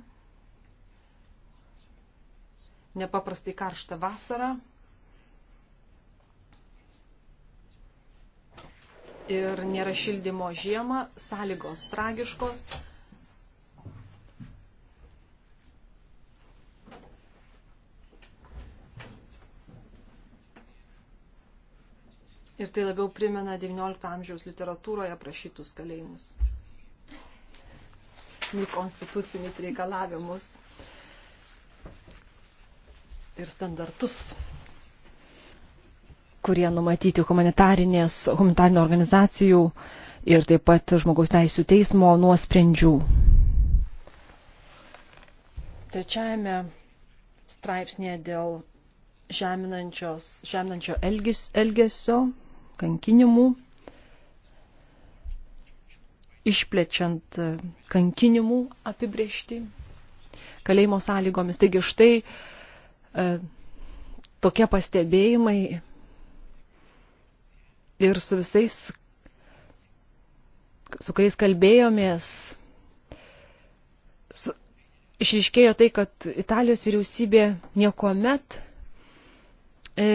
nepaprastai karštą vasarą. ir nėra šildymo žiemą, sąlygos tragiškos. Ir tai labiau primena XIX amžiaus literatūroje prašytus kalėjimus. Jų konstitucinius reikalavimus ir standartus kurie numatyti humanitarinės, humanitarinių organizacijų ir taip pat žmogaus teisų teismo nuosprendžių. Trečiajame straipsnėje dėl žeminančio elgis, elgesio, kankinimų, išplečiant kankinimų apibriešti kalėjimo sąlygomis. Taigi štai e, tokie pastebėjimai ir su visais, su kuriais kalbėjomės, su, išriškėjo tai, kad Italijos vyriausybė niekuomet, e,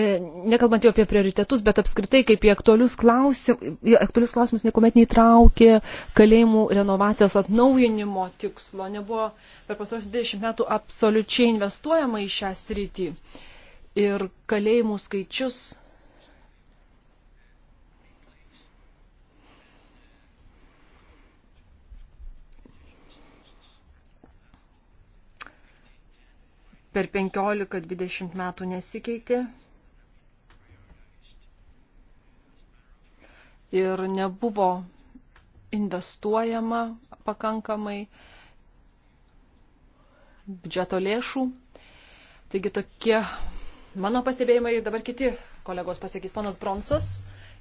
nekalbant jau apie prioritetus, bet apskritai kaip į aktualius, klausim, į aktualius klausimus niekuomet neįtraukė kalėjimų renovacijos atnaujinimo tikslo, nebuvo per pasaros 20 metų absoliučiai investuojama į šią sritį. Ir kalėjimų skaičius per 15-20 metų nesikeitė. Ir nebuvo investuojama pakankamai biudžeto lėšų. Taigi tokie mano pastebėjimai dabar kiti kolegos pasakys. Ponas Bronsas,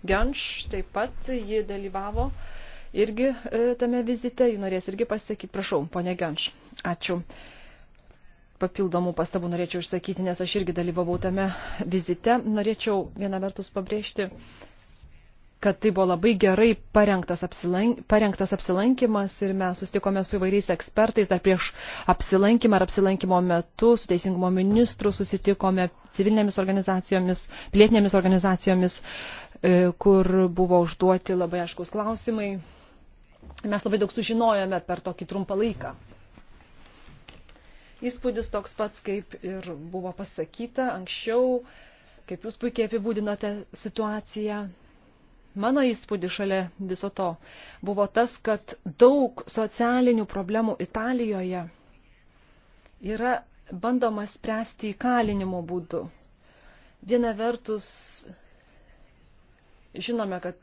Genš taip pat, ji dalyvavo irgi e, tame vizite, ji norės irgi pasakyti. Prašau, ponė Genš. Ačiū papildomų pastabų norėčiau išsakyti, nes aš irgi dalyvavau tame vizite. Norėčiau vieną vertus pabrėžti, kad tai buvo labai gerai parengtas, apsilank, parengtas apsilankimas ir mes sustikome su įvairiais ekspertais dar prieš apsilankimą ar apsilankimo metu su teisingumo ministru susitikome civilinėmis organizacijomis, pilietinėmis organizacijomis, e, kur buvo užduoti labai aiškus klausimai. Mes labai daug sužinojome per tokį trumpą laiką įspūdis toks pats, kaip ir buvo pasakyta anksčiau, kaip jūs puikiai apibūdinote situaciją. Mano įspūdis šalia viso to buvo tas, kad daug socialinių problemų Italijoje yra bandoma spręsti įkalinimo būdu. Viena vertus, žinome, kad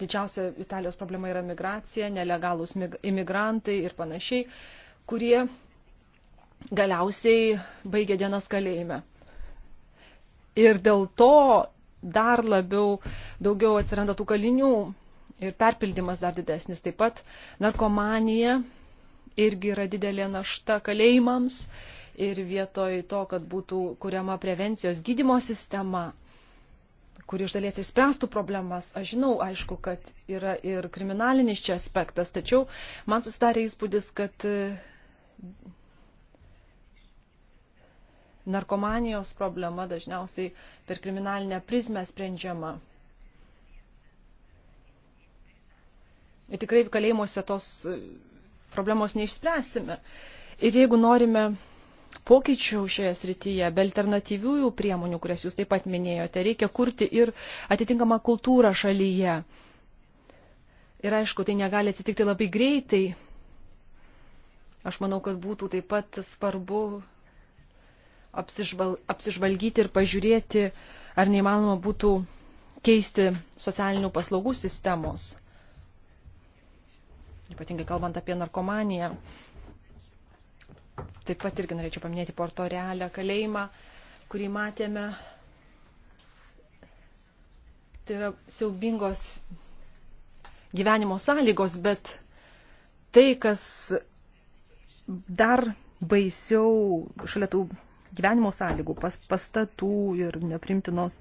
didžiausia Italijos problema yra migracija, nelegalūs imigrantai ir panašiai, kurie galiausiai baigė dienas kalėjime. Ir dėl to dar labiau daugiau atsiranda tų kalinių ir perpildymas dar didesnis. Taip pat narkomanija irgi yra didelė našta kalėjimams ir vietoj to, kad būtų kuriama prevencijos gydimo sistema, kuri iš dalies išspręstų problemas. Aš žinau, aišku, kad yra ir kriminalinis čia aspektas, tačiau man susidarė įspūdis, kad narkomanijos problema dažniausiai per kriminalinę prizmę sprendžiama. Ir tikrai kalėjimuose tos e, problemos neišspręsime. Ir jeigu norime pokyčių šioje srityje, be alternatyviųjų priemonių, kurias jūs taip pat minėjote, reikia kurti ir atitinkamą kultūrą šalyje. Ir aišku, tai negali atsitikti labai greitai. Aš manau, kad būtų taip pat svarbu apsižval, apsižvalgyti ir pažiūrėti, ar neįmanoma būtų keisti socialinių paslaugų sistemos. Ypatingai kalbant apie narkomaniją. Taip pat irgi norėčiau paminėti Porto Realę kalėjimą, kurį matėme. Tai yra siaubingos gyvenimo sąlygos, bet tai, kas dar baisiau šalia tų gyvenimo sąlygų, pas, pastatų ir neprimtinos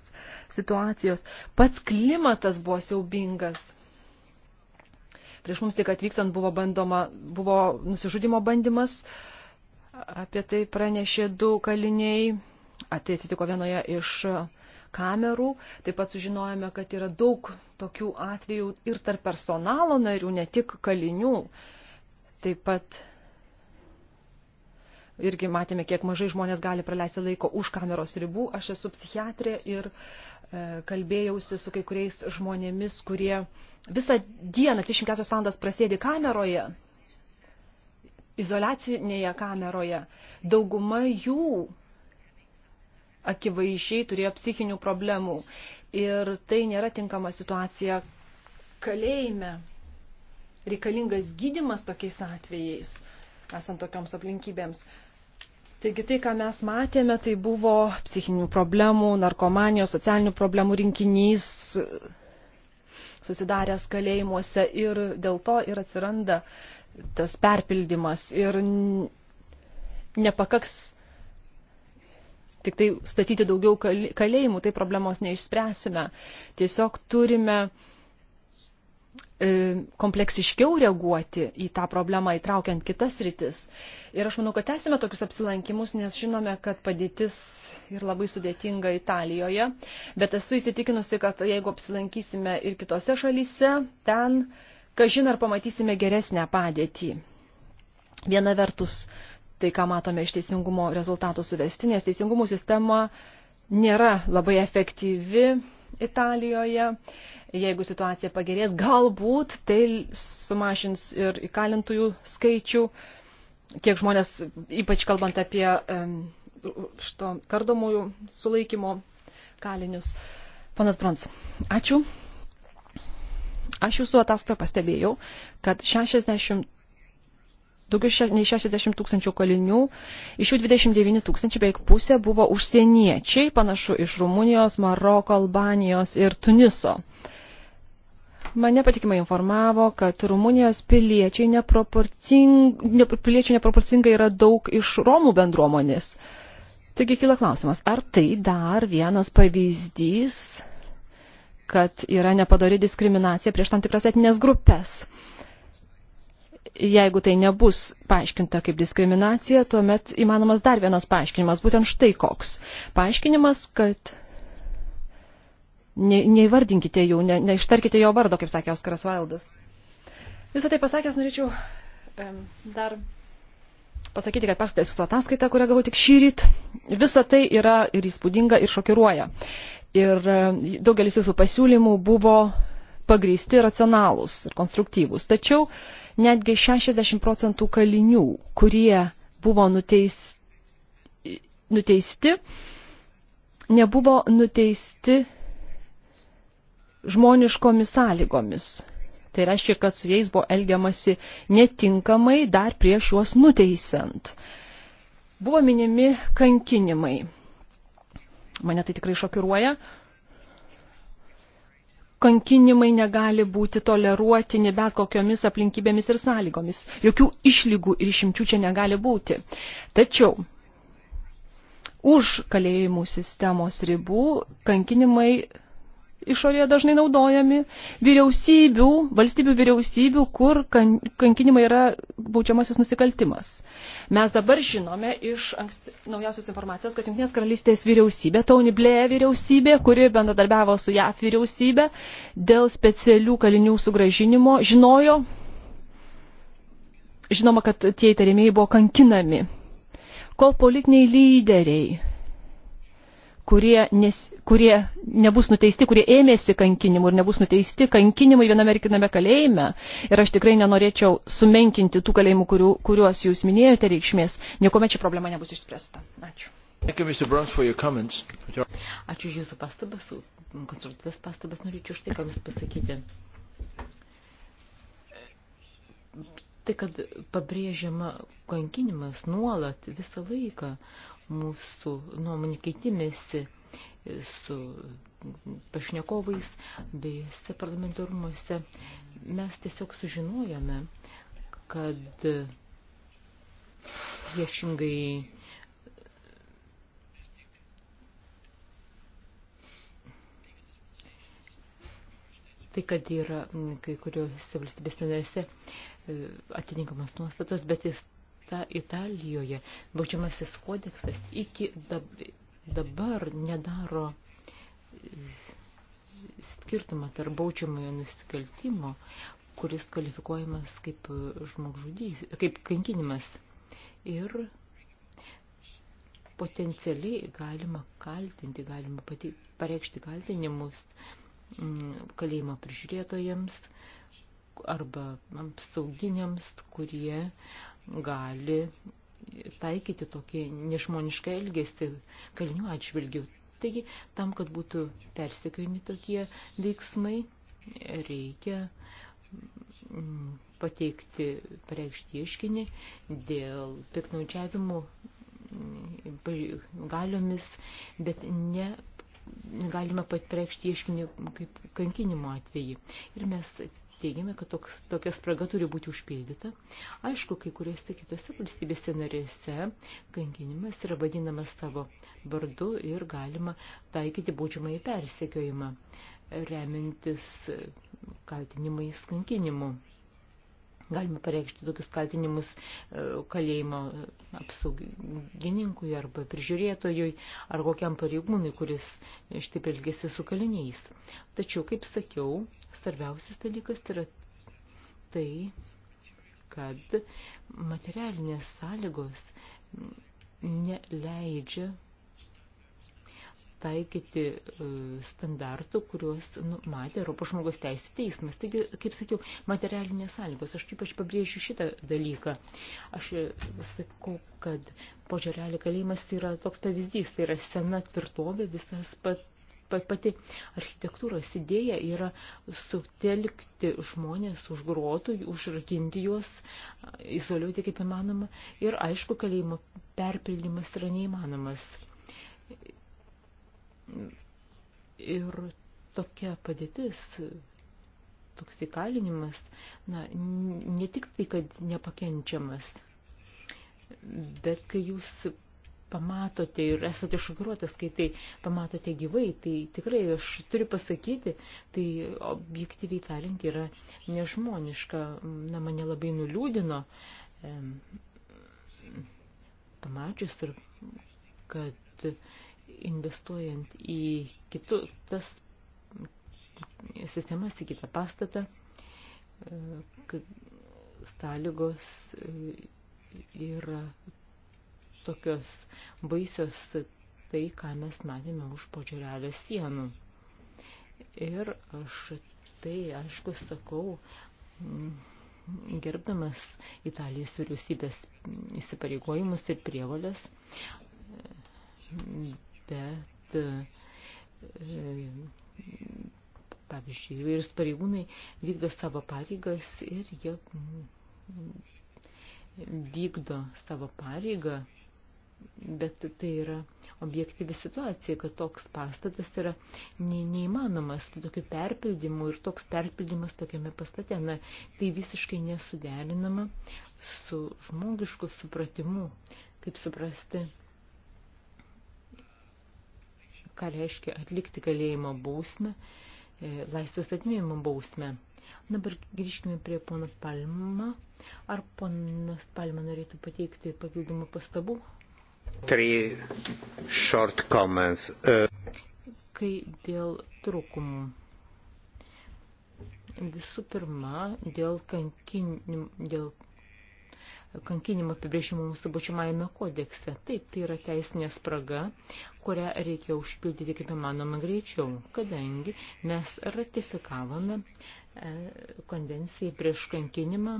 situacijos. Pats klimatas buvo siaubingas. Prieš mums tik atvykstant buvo, bandoma, buvo nusižudimo bandymas, apie tai pranešė du kaliniai, tai atsitiko vienoje iš kamerų. Taip pat sužinojome, kad yra daug tokių atvejų ir tarp personalo narių, ne tik kalinių. Taip pat irgi matėme, kiek mažai žmonės gali praleisti laiko už kameros ribų. Aš esu psichiatrė ir e, kalbėjausi su kai kuriais žmonėmis, kurie visą dieną 24 valandas prasėdi kameroje, izolacinėje kameroje. Dauguma jų akivaizdžiai turėjo psichinių problemų ir tai nėra tinkama situacija kalėjime. Reikalingas gydimas tokiais atvejais esant tokioms aplinkybėms. Taigi tai, ką mes matėme, tai buvo psichinių problemų, narkomanijos, socialinių problemų rinkinys susidaręs kalėjimuose ir dėl to ir atsiranda tas perpildymas ir nepakaks tik tai statyti daugiau kalėjimų, tai problemos neišspręsime. Tiesiog turime uh, E, kompleksiškiau reaguoti į tą problemą, įtraukiant kitas rytis. Ir aš manau, kad tęsime tokius apsilankimus, nes žinome, kad padėtis ir labai sudėtinga Italijoje, bet esu įsitikinusi, kad jeigu apsilankysime ir kitose šalyse, ten, kažin ar pamatysime geresnę padėtį. Viena vertus, tai ką matome iš teisingumo rezultatų suvestinės, teisingumo sistema nėra labai efektyvi Italijoje. Jeigu situacija pagerės, galbūt tai sumažins ir įkalintųjų skaičių, kiek žmonės, ypač kalbant apie što kardomųjų sulaikymo kalinius. Ponas Brons, ačiū. Aš jūsų ataskaitą pastebėjau, kad 60 daugiau nei 60 tūkstančių kalinių, iš jų 29 tūkstančių beveik pusė buvo užsieniečiai, panašu iš Rumunijos, Maroko, Albanijos ir Tuniso. Mane patikimai informavo, kad Rumunijos piliečiai neproporcing, ne, piliečiai neproporcingai yra daug iš Romų bendruomonės. Taigi kyla klausimas, ar tai dar vienas pavyzdys, kad yra nepadori diskriminacija prieš tam tikras etinės grupės? jeigu tai nebus paaiškinta kaip diskriminacija, tuomet įmanomas dar vienas paaiškinimas, būtent štai koks. Paaiškinimas, kad ne, neįvardinkite jų, ne, neištarkite jo vardo, kaip sakė Oskaras Vaildas. Visą tai pasakęs, norėčiau um, dar pasakyti, kad perskaitęs jūsų ataskaitą, kurią gavau tik šį ryt, visa tai yra ir įspūdinga, ir šokiruoja. Ir e, daugelis jūsų pasiūlymų buvo pagrįsti racionalūs ir konstruktyvūs. Tačiau uh, netgi 60 procentų kalinių, kurie buvo nuteis, nuteisti, nebuvo nuteisti žmoniškomis sąlygomis. Tai reiškia, kad su jais buvo elgiamasi netinkamai dar prieš juos nuteisant. Buvo minimi kankinimai. Mane tai tikrai šokiruoja kankinimai negali būti toleruotini bet kokiomis aplinkybėmis ir sąlygomis. Jokių išlygų ir išimčių čia negali būti. Tačiau už kalėjimų sistemos ribų kankinimai išorėje dažnai naudojami vyriausybių, valstybių vyriausybių, kur kan, kankinimai yra baudžiamasis nusikaltimas. Mes dabar žinome iš anksti, naujausios informacijos, kad Junktinės karalystės vyriausybė, Tony Blair vyriausybė, kuri bendradarbiavo su JAF vyriausybė dėl specialių kalinių sugražinimo, žinojo, žinoma, kad tie įtariamieji buvo kankinami kol politiniai lyderiai kurie, nes, kurie nebus nuteisti, kurie ėmėsi kankinimų ir nebus nuteisti kankinimai viename ir kitame kalėjime. Ir aš tikrai nenorėčiau sumenkinti tų kalėjimų, kurių, kuriuos jūs minėjote reikšmės. Niekuomet ši problema nebus išspręsta. Ačiū. Ačiū Jūsų pastabas, konstruktyvas pastabas, norėčiau štai ką Jums pasakyti. Tai, kad pabrėžiama kankinimas nuolat visą laiką, mūsų nuomonį keitimėsi su pašnekovais bei parlamentarumuose. Mes tiesiog sužinojome, kad priešingai tai, kad yra kai kuriuose valstybės narėse e, atitinkamas nuostatos, bet jis įvesta Italijoje. Baudžiamasis kodeksas iki dabar nedaro skirtumą tarp baudžiamojo nusikaltimo, kuris kvalifikuojamas kaip žmogžudys, kaip kankinimas. Ir potencialiai galima kaltinti, galima pati, pareikšti kaltinimus mm, kalėjimo prižiūrėtojams arba apsauginiams, kurie gali taikyti tokį nešmonišką elgesį kalinių atžvilgių. Taigi, tam, kad būtų persikėjami tokie veiksmai, reikia mm, pateikti pareikšti ieškinį dėl piknaudžiavimų mm, galiomis, bet ne galime pareikšti ieškinį kaip kankinimo atvejį. Ir mes teigiame, kad toks, tokia spraga turi būti užpildyta. Aišku, kai kuriuose kitose valstybėse narėse kankinimas yra vadinamas savo vardu ir galima taikyti būdžiamą į persekiojimą, remintis kaltinimais kankinimu galima pareikšti tokius kaltinimus e, kalėjimo apsaugininkui arba prižiūrėtojui ar kokiam pareigūnui, kuris šitaip elgėsi su kaliniais. Tačiau, kaip sakiau, svarbiausias dalykas yra tai, kad materialinės sąlygos neleidžia taikyti e, standartų, kuriuos numatė Europos žmogaus teisų teismas. Taigi, kaip sakiau, materialinės sąlygos. Aš ypač pabrėžiu šitą dalyką. Aš e, sakau, kad požiūrelį kalėjimas yra toks pavyzdys. Tai yra sena tvirtovė, visas pat pati architektūros idėja yra sutelkti žmonės už grotų, užrakinti juos, izoliuoti kaip įmanoma. Ir aišku, kalėjimo perpildymas yra neįmanomas. Ir tokia padėtis, toks įkalinimas, na, ne tik tai, kad nepakenčiamas, bet kai jūs pamatote ir esate šokiruotas, kai tai pamatote gyvai, tai tikrai aš turiu pasakyti, tai objektyviai tariant yra nežmoniška, na mane labai nuliūdino, e, pamačius ir kad investuojant į kitas sistemas, į kitą pastatą, sąlygos e, yra tokios baisios tai, ką mes matėme už podžiūrelio sienų. Ir aš tai, aišku, sakau, gerbdamas Italijos vyriausybės įsipareigojimus ir prievalės, bet e, pavyzdžiui, įvairius pareigūnai vykdo savo pareigas ir jie mm, vykdo savo pareigą, bet tai yra objektyvi situacija, kad toks pastatas yra neįmanomas, tokiu perpildymu ir toks perpildymas tokiame pastate, na, tai visiškai nesuderinama su žmogišku supratimu, kaip suprasti ką reiškia atlikti kalėjimo bausmę, e, laisvės atimėjimo bausmę. Dabar grįžkime prie ponas Palma. Ar ponas Palma norėtų pateikti papildomų pastabų? Three short comments. Uh... Kai dėl trūkumų. Visų pirma, dėl, kankin, dėl kankinimo apibrėžimų mūsų bučiamajame kodekse. Taip, tai yra teisinė spraga, kurią reikia užpildyti kaip įmanoma greičiau, kadangi mes ratifikavome e, konvenciją prieš kankinimą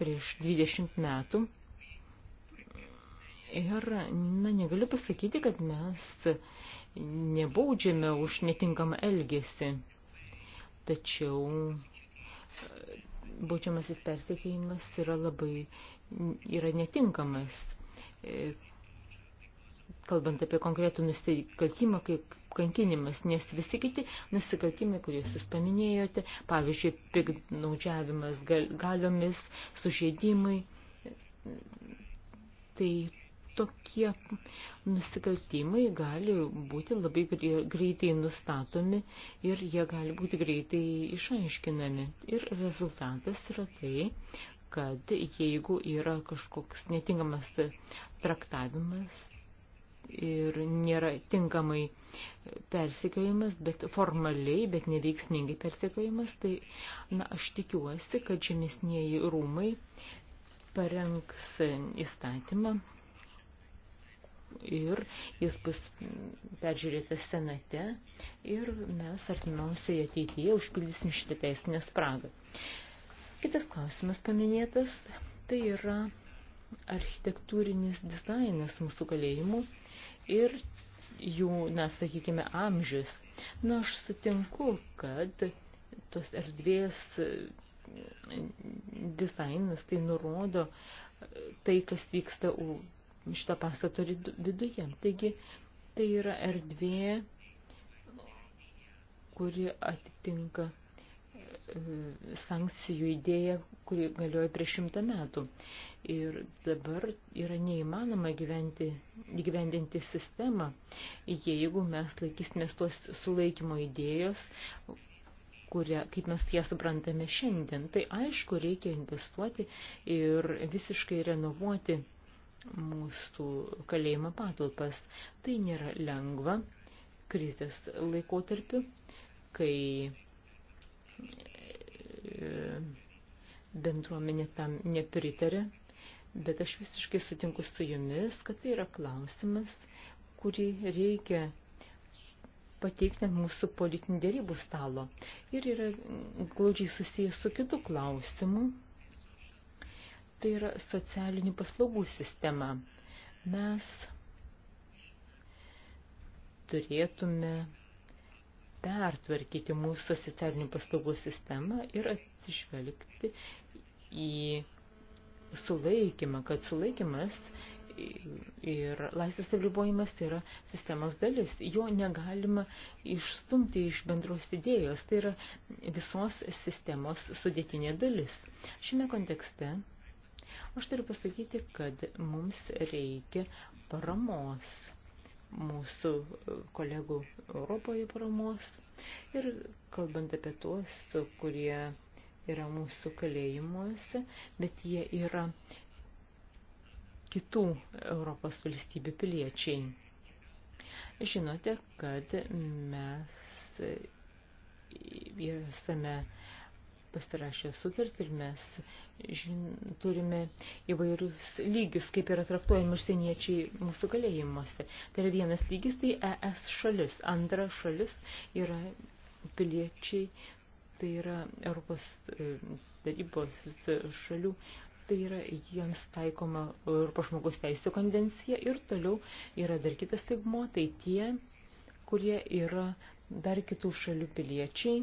prieš 20 metų. Ir, na, negaliu pasakyti, kad mes nebaudžiame už netinkamą elgesį. Tačiau e, baudžiamasis persekėjimas yra labai yra netinkamas. E, kalbant apie konkretų nusikaltimą, kaip kankinimas, nes visi kiti nusikaltimai, kuriuos jūs paminėjote, pavyzdžiui, piknaudžiavimas galiomis, sužeidimai, tai tokie nusikaltimai gali būti labai greitai nustatomi ir jie gali būti greitai išaiškinami. Ir rezultatas yra tai, kad jeigu yra kažkoks netinkamas traktavimas ir nėra tinkamai persikėjimas, bet formaliai, bet neveiksmingai persikėjimas, tai na, aš tikiuosi, kad žemesnieji rūmai parengs įstatymą ir jis bus peržiūrėtas senate ir mes artimiausiai ateityje užpildysim šitą teisinę spragą. Kitas klausimas paminėtas, tai yra architektūrinis dizainas mūsų kalėjimų ir jų, na, sakykime, amžius. Na, aš sutinku, kad tos erdvės e, dizainas tai nurodo e, tai, kas vyksta šito pastato viduje. Taigi, tai yra erdvė, kuri atitinka E, sankcijų idėja, kuri galioja prieš šimtą metų. Ir dabar yra neįmanoma gyventi, gyvendinti sistemą, jeigu mes laikysimės tuos sulaikymo idėjos, kuria, kaip mes ją suprantame šiandien. Tai aišku, reikia investuoti ir visiškai renovuoti mūsų kalėjimo patalpas. Tai nėra lengva krizės laikotarpiu, kai bendruomenė tam nepritarė, bet aš visiškai sutinku su jumis, kad tai yra klausimas, kurį reikia pateikti ant mūsų politinių dėrybų stalo. Ir yra glaudžiai susijęs su kitu klausimu. Tai yra socialinių paslaugų sistema. Mes turėtume pertvarkyti mūsų socialinių paslaugų sistemą ir atsižvelgti į sulaikymą, kad sulaikymas ir laisvės apribojimas tai yra sistemos dalis. Jo negalima išstumti iš bendros idėjos, tai yra visos sistemos sudėtinė dalis. Šiame kontekste aš turiu pasakyti, kad mums reikia paramos mūsų kolegų Europoje paramos ir kalbant apie tuos, kurie yra mūsų kalėjimuose, bet jie yra kitų Europos valstybių piliečiai. Žinote, kad mes esame pasirašę sutartį ir mes žin, turime įvairius lygius, kaip yra traktuojami užsieniečiai mūsų kalėjimuose. Tai yra vienas lygis, tai ES šalis, antra šalis yra piliečiai, tai yra Europos e, tarybos šalių tai yra jiems taikoma Europos žmogaus teisų konvencija ir toliau yra dar kitas stigmo, tai tie, kurie yra dar kitų šalių piliečiai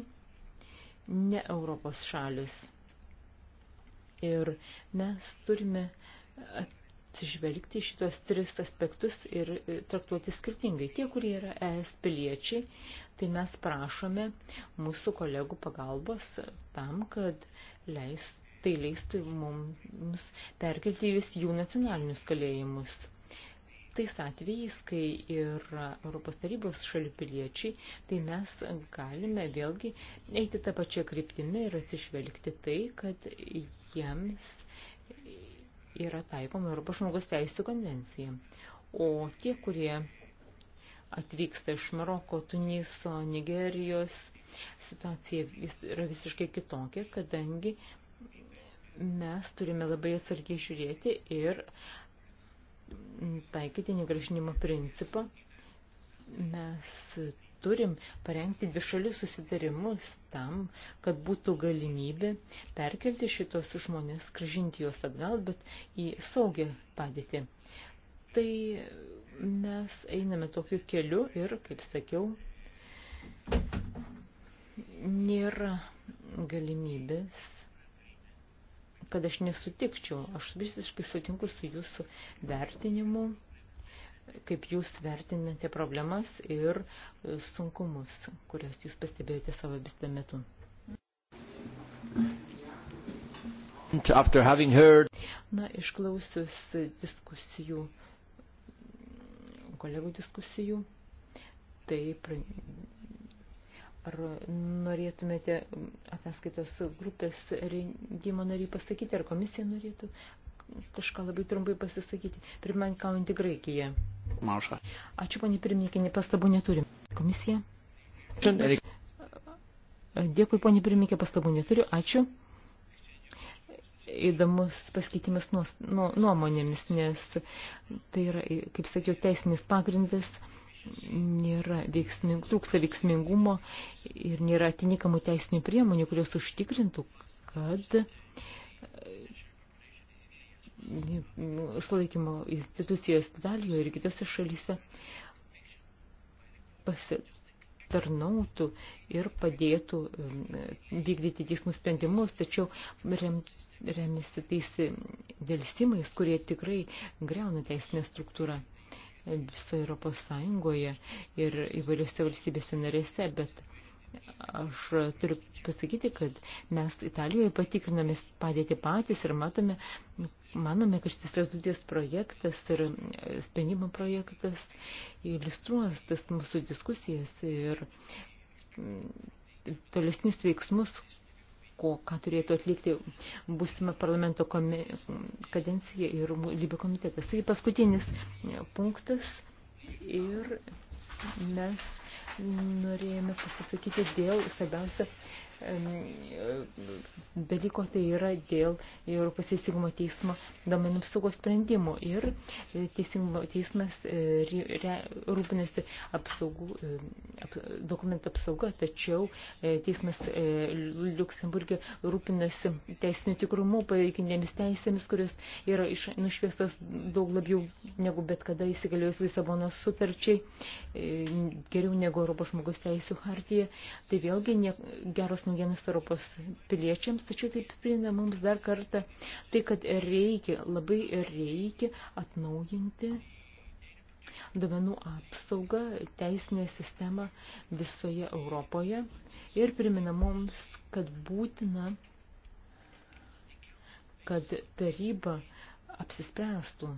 ne Europos šalis. Ir mes turime atsižvelgti šitos tris aspektus ir e, traktuoti skirtingai. Tie, kurie yra ES piliečiai, tai mes prašome mūsų kolegų pagalbos tam, kad leis, tai leistų mums perkelti jūs jų nacionalinius kalėjimus tais atvejais, kai ir Europos tarybos šalių piliečiai, tai mes galime vėlgi eiti tą pačią kryptimį ir atsižvelgti tai, kad jiems yra taikoma Europos žmogus teisų konvencija. O tie, kurie atvyksta iš Maroko, Tuniso, Nigerijos, situacija yra visiškai kitokia, kadangi mes turime labai atsargiai žiūrėti ir taikyti negražinimo principą. Mes turim parengti dvišalius susitarimus tam, kad būtų galimybė perkelti šitos žmonės, gražinti juos atgal, bet į saugią padėtį. Tai mes einame tokiu keliu ir, kaip sakiau, nėra galimybės kad aš nesutikčiau. Aš visiškai sutinku su jūsų vertinimu, kaip jūs vertinate problemas ir e, sunkumus, kurias jūs pastebėjote savo visą metu. Heard... Na, išklausius diskusijų, kolegų diskusijų, tai Ar norėtumėte ataskaitos grupės rengimo nariai pasakyti, ar komisija norėtų kažką labai trumpai pasisakyti, pirmankaujantį Graikiją? Maša. Ačiū, ponė pirmininkė, pastabų neturim. Komisija? Dėkui, ponė pirmininkė, pastabų neturiu. Ačiū. Įdomus paskeitimas nu- nuomonėmis, nes tai yra, kaip sakiau, teisinis pagrindas nėra veiksming, trūksta veiksmingumo ir nėra atinikamų teisinių priemonių, kurios užtikrintų, kad e, sulaikymo institucijos Italijoje ir kitose šalyse pasitarnautų ir padėtų e, vykdyti teismų sprendimus, tačiau remiasi tais dėlsimais, kurie tikrai greuna teisinę struktūrą visoje Europos Sąjungoje ir įvairiose valstybėse narėse, bet aš turiu pasakyti, kad mes Italijoje patikriname padėti patys ir matome, manome, kad šitas rezultės projektas ir sprendimo projektas iliustruos tas mūsų diskusijas ir tolesnis veiksmus, ko, ką turėtų atlikti būsima parlamento kadencija ir lybė komitetas. Tai paskutinis punktas ir mes norėjome pasisakyti dėl svarbiausia dalyko, tai yra dėl Europos teisingumo teismo domenų apsaugos sprendimų. Ir e, teisingumo teismas e, rūpinasi apsaugų, e, ap, dokumentų apsauga, tačiau teismas Luksemburgė rūpinasi teisinių tikrumu, paveikinėmis teisėmis, kurios yra iš, nušviestas daug labiau negu bet kada įsigaliojus Lisabonos sutarčiai, geriau negu Europos žmogus teisų hartija. Tai vėlgi ne, geros naujienas Europos piliečiams, tačiau taip priminė mums dar kartą tai, kad reikia, labai reikia atnaujinti duomenų apsaugą, teisinę sistemą visoje Europoje ir primina mums, kad būtina, kad taryba apsispręstų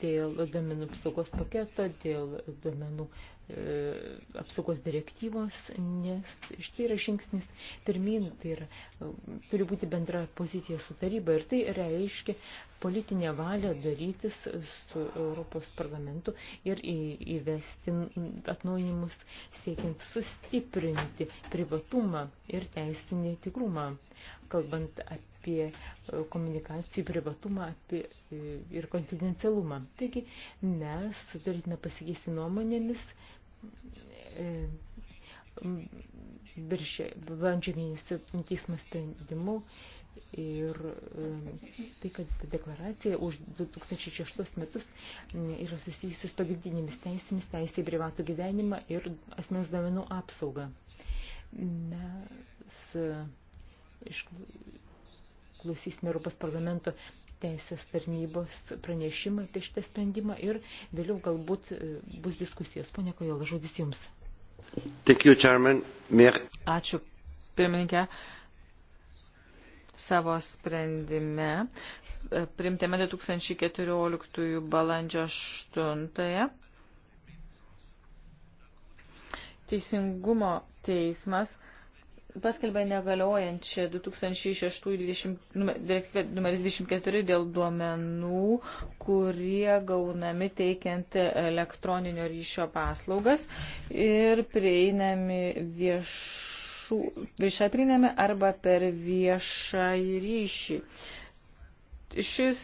dėl duomenų apsaugos paketo, dėl duomenų E, apsaugos direktyvos, nes šitie yra žingsnis pirmin, tai yra, e, turi būti bendra pozicija su taryba ir tai reiškia politinę valią darytis su Europos parlamentu ir įvesti atnaujinimus siekiant sustiprinti privatumą ir teisinį tikrumą, kalbant apie e, komunikacijų privatumą apie, ir konfidencialumą. Taigi mes turėtume pasikeisti nuomonėmis E, balandžio mėnesio teismo sprendimu ir e, tai, kad deklaracija už 2006 metus yra susijusius pagrindinėmis teisėmis, teisė į privatų gyvenimą ir asmens duomenų apsaugą. Mes išklausysime Europos parlamento teisės tarnybos pranešimą apie šitą sprendimą ir vėliau galbūt e, bus diskusijos. Pone Kojol, žodis Jums. Thank you, Chairman. Mer... Ačiū, pirmininkė. Savo sprendime, e, primtėme 2014 balandžio 8 Teisingumo teismas paskelbė negaliojančią 2006 numeris 24 dėl duomenų, kurie gaunami teikiant elektroninio ryšio paslaugas ir prieinami viešų, viešai prieinami arba per viešą ryšį. Šis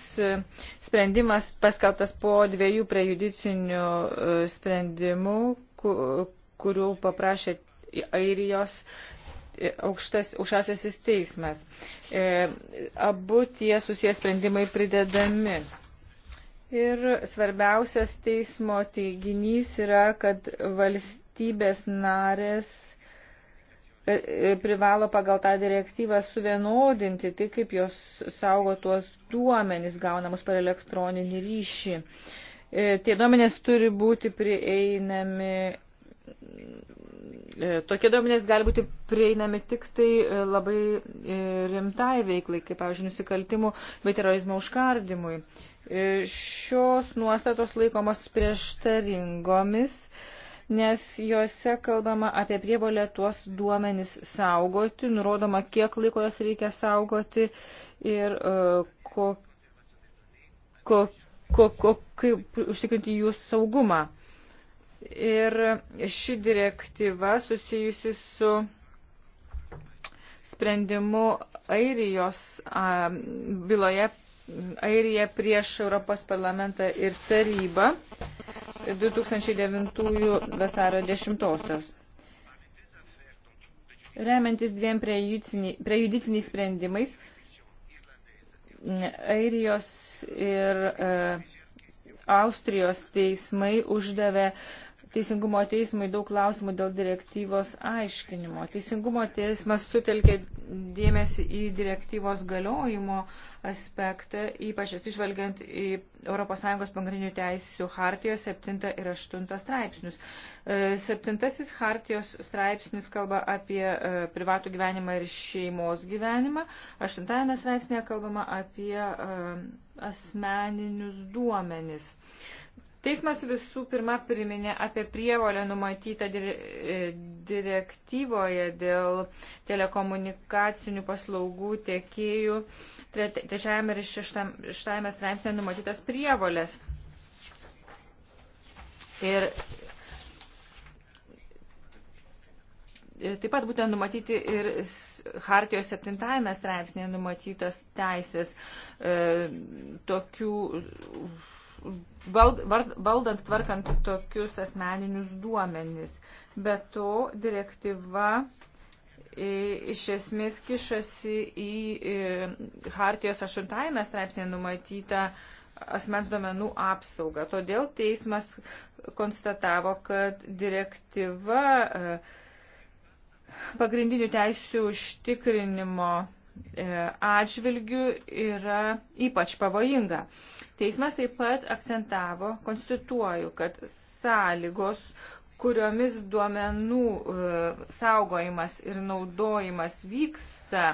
sprendimas paskelbtas po dviejų prejudicinių e, sprendimų, kurių paprašė Airijos aukštas, aukščiausiasis teismas. E, abu tie susijęs sprendimai pridedami. Ir svarbiausias teismo teiginys yra, kad valstybės narės e, e, privalo pagal tą direktyvą suvienodinti, tai kaip jos saugo tuos duomenys gaunamus per elektroninį ryšį. E, tie duomenys turi būti prieinami E, tokie duomenys gali būti prieinami tik tai e, labai e, rimtai veiklai, kaip, pavyzdžiui, nusikaltimų bei terorizmo užkardimui. Šios nuostatos laikomos prieštaringomis, nes juose kalbama apie prievolę tuos duomenys saugoti, nurodoma, kiek laiko jos reikia saugoti ir ko, ko, ko, ko, kaip užtikrinti jų saugumą. Ir ši direktyva susijusi su sprendimu Airijos a, byloje Airija prieš Europos parlamentą ir tarybą 2009 vasario 10. -osios. Remiantis dviem prejudiciniais sprendimais, Airijos ir e, Austrijos teismai uždavė Teisingumo teismui daug klausimų dėl direktyvos aiškinimo. Teisingumo teismas sutelkė dėmesį į direktyvos galiojimo aspektą, ypač atsižvelgiant į ES pagrindinių teisų hartijos 7 ir 8 straipsnius. E, septintasis hartijos straipsnis kalba apie e, privatų gyvenimą ir šeimos gyvenimą. Aštuntame straipsnėje kalbama apie e, asmeninius duomenis Teismas visų pirma priminė apie prievolę numatytą e, direktyvoje dėl telekomunikacinių paslaugų tiekėjų trečiajame ir šeštajame straipsnėje numatytas prievolės. Ir taip pat būtent numatyti ir Hartijos septintajame straipsnėje numatytas teisės e, tokių valdant tvarkant tokius asmeninius duomenis. Be to, direktyva e, iš esmės kišasi į e, Hartijos 8 straipsnė numatytą asmens duomenų apsaugą. Todėl teismas konstatavo, kad direktyva e, pagrindinių teisų užtikrinimo E, atžvilgių yra ypač pavojinga. Teismas taip pat akcentavo, konstituoju, kad sąlygos, kuriomis duomenų e, saugojimas ir naudojimas vyksta,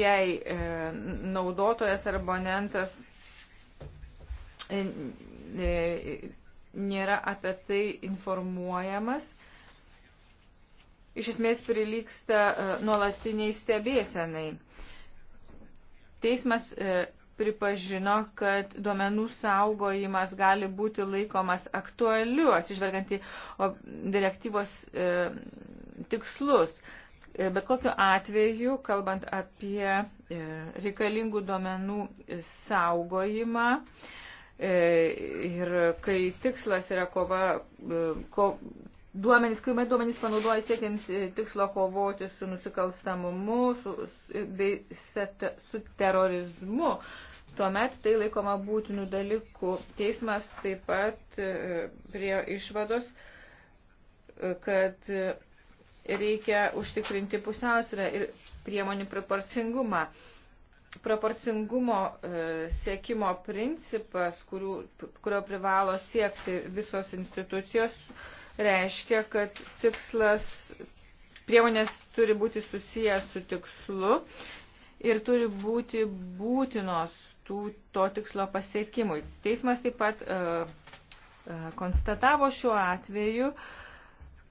jei e, naudotojas ar abonentas nėra apie tai informuojamas, iš esmės prilyksta e, nuolatiniai stebėsenai. Teismas e, pripažino, kad duomenų saugojimas gali būti laikomas aktualiu, atsižvelgiant į direktyvos e, tikslus. E, bet kokiu atveju, kalbant apie e, reikalingų duomenų saugojimą e, ir kai tikslas yra kova, ko, duomenys, kai duomenys panaudoja siekiant e, tikslo kovoti su nusikalstamumu su, bei set, su terorizmu, tuomet tai laikoma būtinų dalykų. Teismas taip pat e, prie išvados, e, kad reikia užtikrinti pusiausvę ir priemonių proporcingumą. Proporcingumo e, siekimo principas, kurių, kurio privalo siekti visos institucijos, e, reiškia, kad tikslas priemonės turi būti susijęs su tikslu ir turi būti būtinos tų, to tikslo pasiekimui. Teismas taip pat e, e, konstatavo šiuo atveju,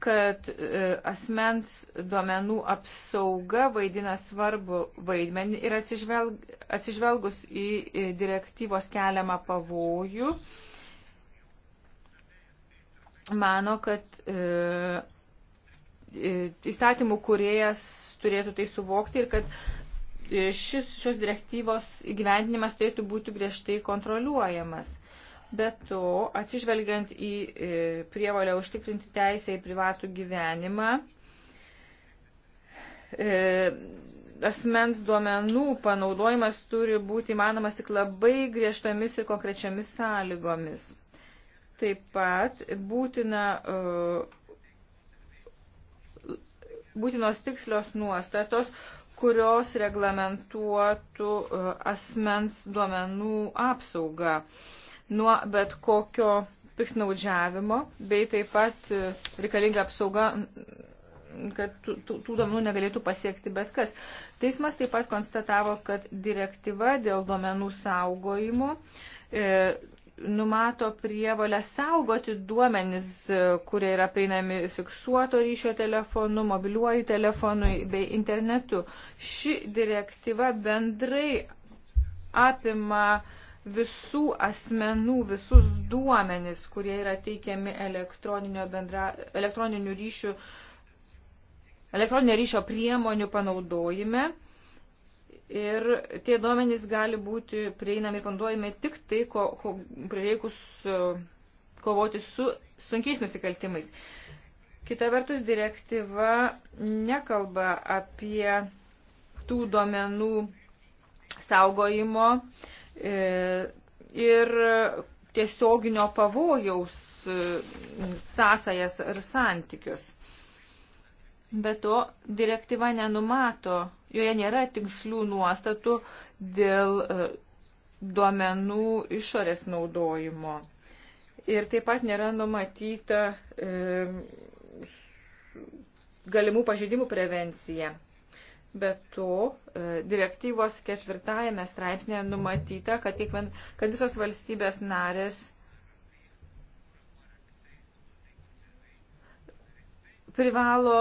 kad e, asmens duomenų apsauga vaidina svarbu vaidmenį ir atsižvelg, atsižvelgus į, į direktyvos keliamą pavojų, e, mano, kad e, e, įstatymų kuriejas turėtų tai suvokti ir kad e, šis, šios direktyvos įgyvendinimas turėtų būti griežtai kontroliuojamas. Be to, atsižvelgiant į e, prievalę užtikrinti teisę į privatų gyvenimą, asmens duomenų panaudojimas turi būti įmanomas tik labai griežtomis ir konkrečiamis sąlygomis Taip pat būtina, e, būtinos tikslios nuostatos, kurios reglamentuotų e, asmens duomenų apsaugą nuo bet kokio piktnaudžiavimo, bei taip pat e, reikalinga apsauga, kad tų, tų duomenų negalėtų pasiekti bet kas. Teismas taip pat konstatavo, kad direktyva dėl duomenų saugojimo e, numato prievalę saugoti duomenis, e, kurie yra prieinami fiksuoto ryšio telefonu, mobiliuoju telefonu bei internetu. Ši direktyva bendrai apima visų asmenų, visus duomenis, kurie yra teikiami bendra, elektroninių ryšių, elektroninio ryšio priemonių panaudojime Ir tie duomenys gali būti prieinami ir panduojami tik tai, ko, ko prireikus e, kovoti su sunkiais nusikaltimais. Kita vertus, direktyva nekalba apie tų duomenų saugojimo e, ir tiesioginio pavojaus e, sąsajas ir santykius. Be to, direktyva nenumato, joje nėra tikslių nuostatų dėl e, duomenų išorės naudojimo. Ir taip pat nėra numatyta e, galimų pažeidimų prevencija. Be to, e, direktyvos ketvirtajame straipsnėje numatyta, kad, kiekvien, kad visos valstybės narės privalo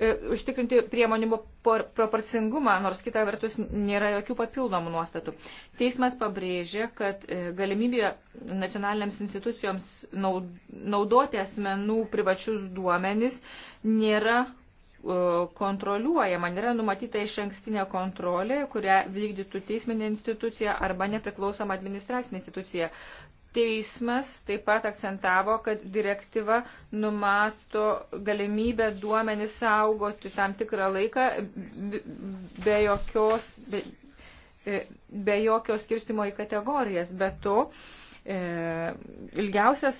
E, užtikrinti priemonių proporcingumą, nors kita vertus nėra jokių papildomų nuostatų. Teismas pabrėžė, kad e, galimybė nacionaliniams institucijoms naudoti asmenų privačius duomenis nėra e, kontroliuojama, nėra numatyta iš ankstinė kontrolė, kurią vykdytų teisminė institucija arba nepriklausoma administracinė institucija. Teismas taip pat akcentavo, kad direktyva numato galimybę duomenį saugoti tam tikrą laiką be jokios, be, e, be jokios skirstimo į kategorijas. Be to, e, ilgiausias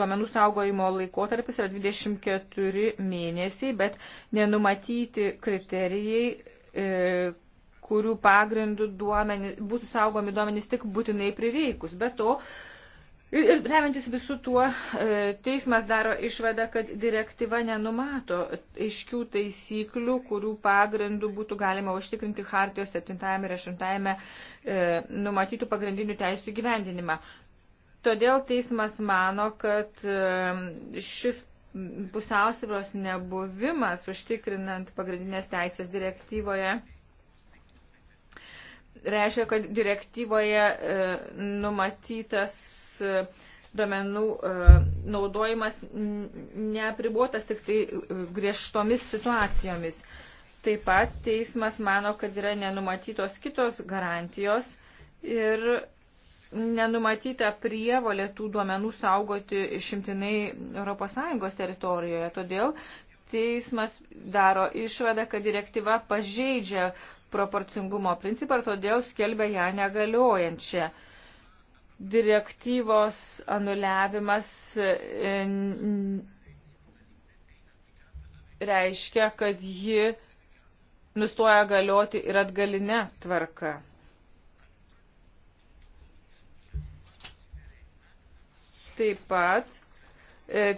duomenų saugojimo laikotarpis yra 24 mėnesiai, bet nenumatyti kriterijai, e, kurių pagrindų duomenys, būtų saugomi duomenys tik būtinai prireikus. Be to, ir, ir remiantis visų tuo, e, teismas daro išvadą, kad direktyva nenumato aiškių taisyklių, kurių pagrindų būtų galima užtikrinti Hartijos 7 ir 8 e, numatytų pagrindinių teisų gyvendinimą. Todėl teismas mano, kad e, šis pusiausvyros nebuvimas užtikrinant pagrindinės teisės direktyvoje reiškia, kad direktyvoje e, numatytas e, duomenų e, naudojimas neapribuotas tik tai griežtomis situacijomis. Taip pat teismas mano, kad yra nenumatytos kitos garantijos ir nenumatyta prievolė tų duomenų saugoti išimtinai ES teritorijoje. Todėl teismas daro išvadą, kad direktyva pažeidžia proporcingumo principą ir todėl skelbia ją negaliojančią. Direktyvos anuliavimas e, reiškia, kad ji nustoja galioti ir atgalinę tvarką. Taip pat e,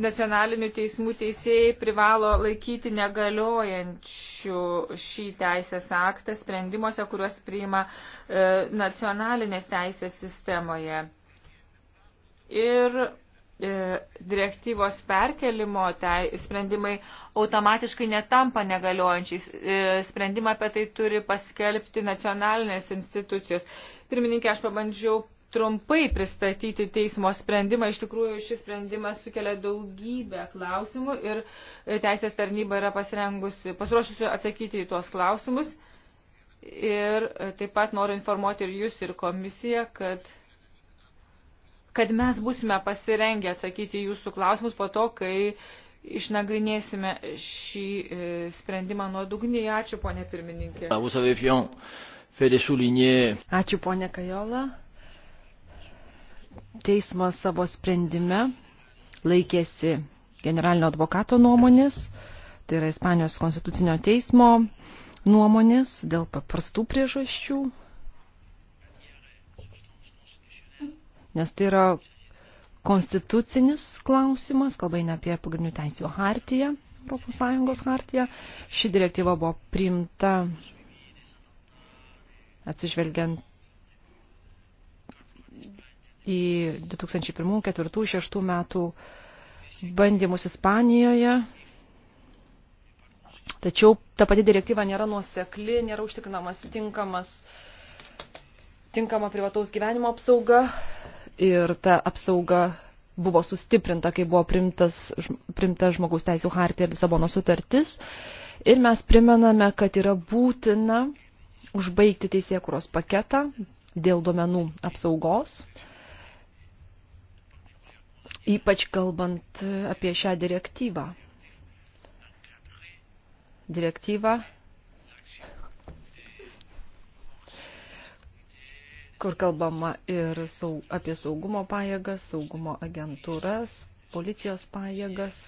nacionalinių teismų teisėjai privalo laikyti negaliojančių šį teisės aktą sprendimuose, kuriuos priima e, nacionalinės teisės sistemoje. Ir e, direktyvos perkelimo tai, sprendimai automatiškai netampa negaliojančiais. E, sprendimą apie tai turi paskelbti nacionalinės institucijos. Pirmininkė, aš pabandžiau trumpai pristatyti teismo sprendimą. Iš tikrųjų, šis sprendimas sukelia daugybę klausimų ir e, teisės tarnyba yra pasirengusi, pasiruošusi atsakyti į tuos klausimus. Ir e, taip pat noriu informuoti ir jūs, ir komisiją, kad kad mes būsime pasirengę atsakyti jūsų klausimus po to, kai išnagrinėsime šį e, sprendimą nuodugniai. Ačiū, ponė pirmininkė. Ačiū, ponė Kajola teismas savo sprendime laikėsi generalinio advokato nuomonės, tai yra Ispanijos konstitucinio teismo nuomonės dėl paprastų priežasčių, nes tai yra konstitucinis klausimas, kalba eina apie pagrindinių teisų hartiją, ES hartiją. Ši direktyva buvo priimta atsižvelgiant į 2001, 2004, 2006 metų bandymus Ispanijoje. Tačiau ta pati direktyva nėra nuosekli, nėra užtikrinamas tinkamas, tinkama privataus gyvenimo apsauga ir ta apsauga buvo sustiprinta, kai buvo primtas, primta žmogaus teisų hartė ir Lisabono sutartis. Ir mes primename, kad yra būtina užbaigti teisėkuros paketą dėl duomenų apsaugos ypač kalbant apie šią direktyvą. Direktyvą, kur kalbama ir saug, apie saugumo pajėgas, saugumo agentūras, policijos pajėgas,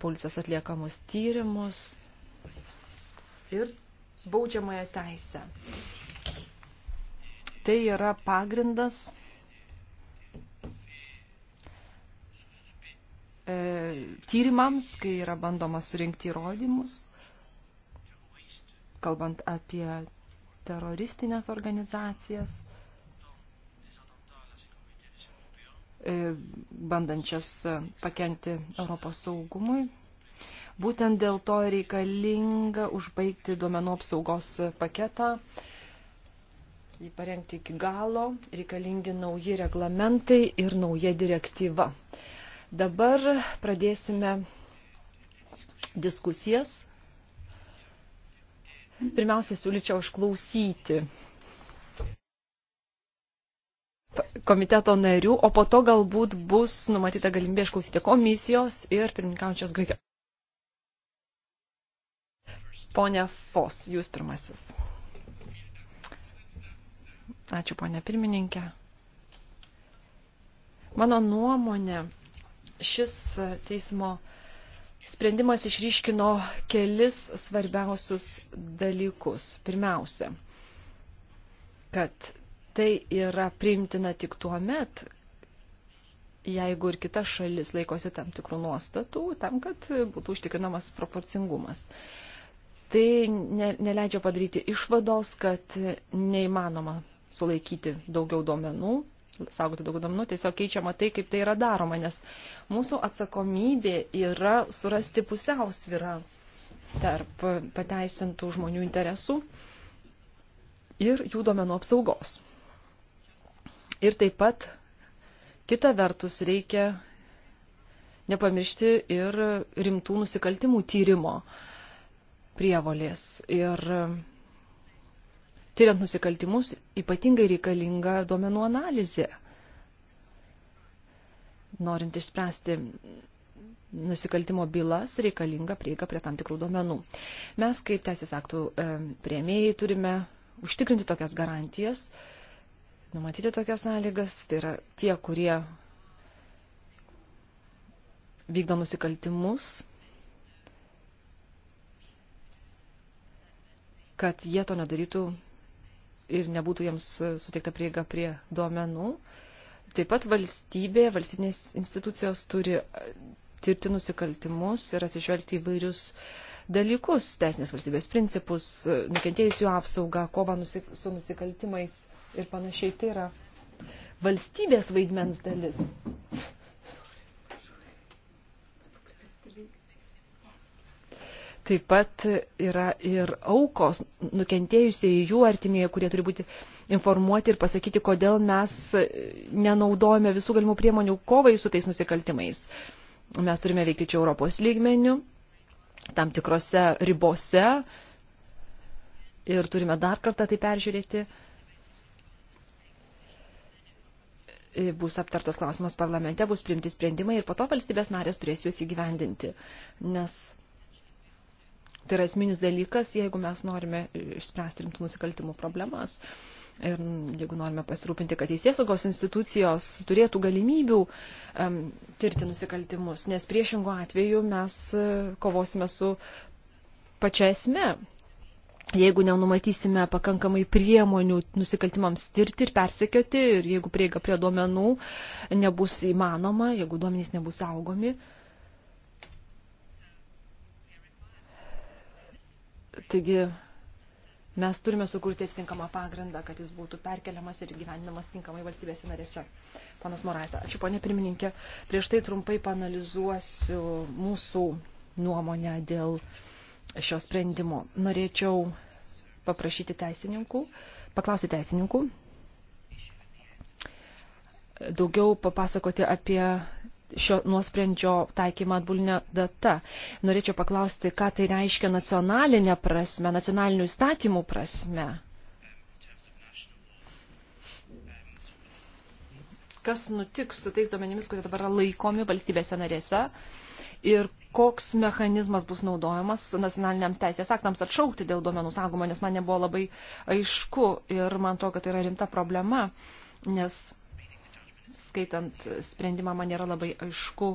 policijos atliekamus tyrimus ir baudžiamąją teisę. Tai yra pagrindas e, tyrimams, kai yra bandoma surinkti įrodymus, kalbant apie teroristinės organizacijas, e, bandančias pakengti Europos saugumui. Būtent dėl to reikalinga užbaigti duomenų apsaugos paketą, jį parengti iki galo, reikalingi nauji reglamentai ir nauja direktyva. E, Dabar pradėsime diskusijas. Pirmiausia, siūlyčiau išklausyti komiteto narių, o po to galbūt bus numatyta galimybė išklausyti komisijos ir pirmininkaujančios graikio. Pone Fos, jūs pirmasis. Ačiū, ponė pirmininkė. Mano nuomonė, Šis e, teismo sprendimas išryškino kelis svarbiausius dalykus. Pirmiausia, kad tai yra priimtina tik tuo met, jeigu ir kita šalis laikosi tam tikrų nuostatų, tam, kad būtų užtikrinamas proporcingumas. Tai ne, neleidžia padaryti išvados, kad neįmanoma sulaikyti daugiau duomenų, saugoti daug duomenų, tiesiog keičiama tai, kaip tai yra daroma, nes mūsų atsakomybė yra surasti pusiausvyrą tarp pateisintų žmonių interesų ir jų duomenų apsaugos. Ir taip pat kita vertus reikia nepamiršti ir rimtų nusikaltimų tyrimo prievolės. Ir tyriant nusikaltimus, ypatingai reikalinga duomenų analizė. Norint išspręsti nusikaltimo bylas, reikalinga prieiga prie tam tikrų duomenų. Mes kaip teisės aktų e, prieimėjai turime užtikrinti tokias garantijas, numatyti tokias sąlygas, tai yra tie, kurie vykdo nusikaltimus, kad jie to nedarytų ir nebūtų jiems suteikta prieiga prie duomenų. Taip pat valstybė, valstybinės institucijos turi tirti nusikaltimus ir atsižvelgti įvairius dalykus, teisinės valstybės principus, nukentėjusių apsaugą, kovą nusik su nusikaltimais ir panašiai. Tai yra valstybės vaidmens dalis. Taip pat yra ir aukos nukentėjusiai jų artimieji, kurie turi būti informuoti ir pasakyti, kodėl mes nenaudojame visų galimų priemonių kovai su tais nusikaltimais. Mes turime veikti čia Europos lygmenių, tam tikrose ribose ir turime dar kartą tai peržiūrėti. bus aptartas klausimas parlamente, bus priimti sprendimai ir po to valstybės narės turės juos įgyvendinti. Nes Tai yra esminis dalykas, jeigu mes norime išspręsti rimtų nusikaltimų problemas ir jeigu norime pasirūpinti, kad teisėsaugos institucijos turėtų galimybių um, tirti nusikaltimus, nes priešingų atveju mes e, kovosime su pačia esme. Jeigu nenumatysime pakankamai priemonių nusikaltimams tirti ir persekioti, ir jeigu prieiga prie duomenų nebus įmanoma, jeigu duomenys nebus saugomi, uh, Taigi mes turime sukurti atitinkamą pagrindą, kad jis būtų perkeliamas ir gyvenimas tinkamai valstybėse narėse. Panas Moraisa, ačiū ponė pirmininkė. Prieš tai trumpai panalizuosiu mūsų nuomonę dėl šio sprendimo. Norėčiau paprašyti teisininkų, paklausyti teisininkų, daugiau papasakoti apie šio nuosprendžio taikymą atbulinę datą. Norėčiau paklausti, ką tai reiškia nacionalinė prasme, nacionalinių įstatymų prasme. Kas nutiks su tais duomenimis, kurie dabar yra laikomi valstybėse narėse ir koks mechanizmas bus naudojamas nacionaliniams teisės aktams atšaukti dėl duomenų saugumo, nes man nebuvo labai aišku ir man to, kad tai yra rimta problema, nes skaitant sprendimą, man nėra labai aišku,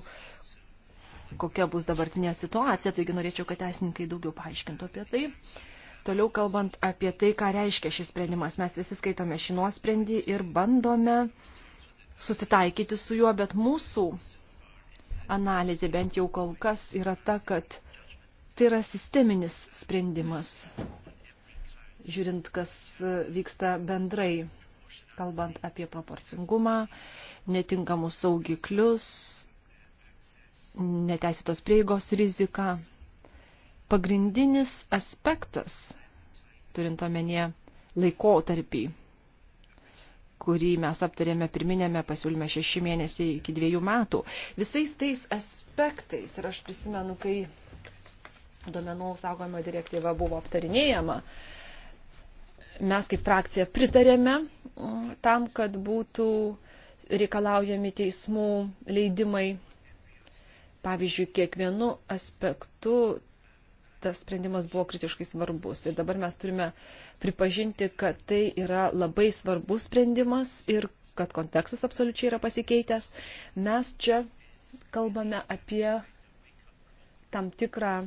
kokia bus dabartinė situacija, taigi norėčiau, kad teisininkai daugiau paaiškintų apie tai. Toliau kalbant apie tai, ką reiškia šis sprendimas, mes visi skaitome šį nuosprendį ir bandome susitaikyti su juo, bet mūsų analizė bent jau kol kas yra ta, kad tai yra sisteminis sprendimas, žiūrint, kas vyksta bendrai kalbant apie proporcingumą, netinkamus saugiklius, neteisėtos prieigos riziką. Pagrindinis aspektas, turint omenyje laikotarpį, kurį mes aptarėme pirminėme pasiūlyme šeši mėnesiai iki dviejų metų. Visais tais aspektais, ir aš prisimenu, kai duomenų saugojimo direktyva buvo aptarinėjama, uh, Mes kaip frakcija pritarėme mm, tam, kad būtų reikalaujami teismų leidimai. Pavyzdžiui, kiekvienu aspektu tas sprendimas buvo kritiškai svarbus. Ir dabar mes turime pripažinti, kad tai yra labai svarbus sprendimas ir kad kontekstas absoliučiai yra pasikeitęs. Mes čia kalbame apie tam tikrą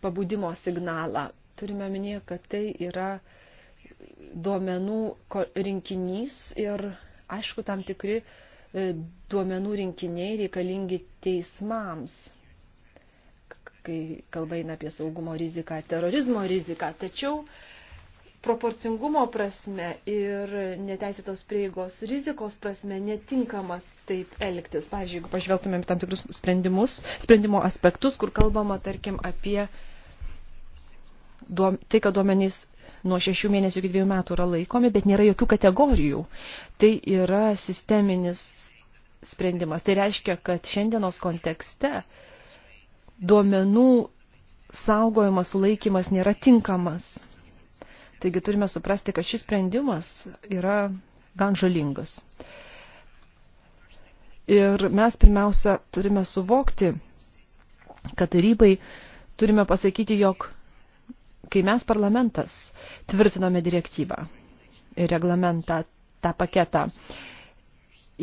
pabudimo signalą, turime minėti, kad tai yra duomenų rinkinys ir, aišku, tam tikri e, duomenų rinkiniai reikalingi teismams, kai kalba eina apie saugumo riziką, terorizmo riziką. Tačiau proporcingumo prasme ir neteisėtos prieigos rizikos prasme netinkamas taip elgtis. Pavyzdžiui, jeigu pažvelgtumėm tam tikrus sprendimus, sprendimo aspektus, kur kalbama, tarkim, apie uh, duom, tai, kad duomenys nuo šešių mėnesių iki dviejų metų yra laikomi, bet nėra jokių kategorijų. Tai yra sisteminis sprendimas. Tai reiškia, kad šiandienos kontekste duomenų saugojimas, sulaikimas nėra tinkamas. Taigi turime suprasti, kad šis sprendimas yra gan žalingas. Ir mes pirmiausia turime suvokti, kad tarybai turime pasakyti, jog kai mes parlamentas tvirtinome direktyvą ir reglamentą, tą paketą,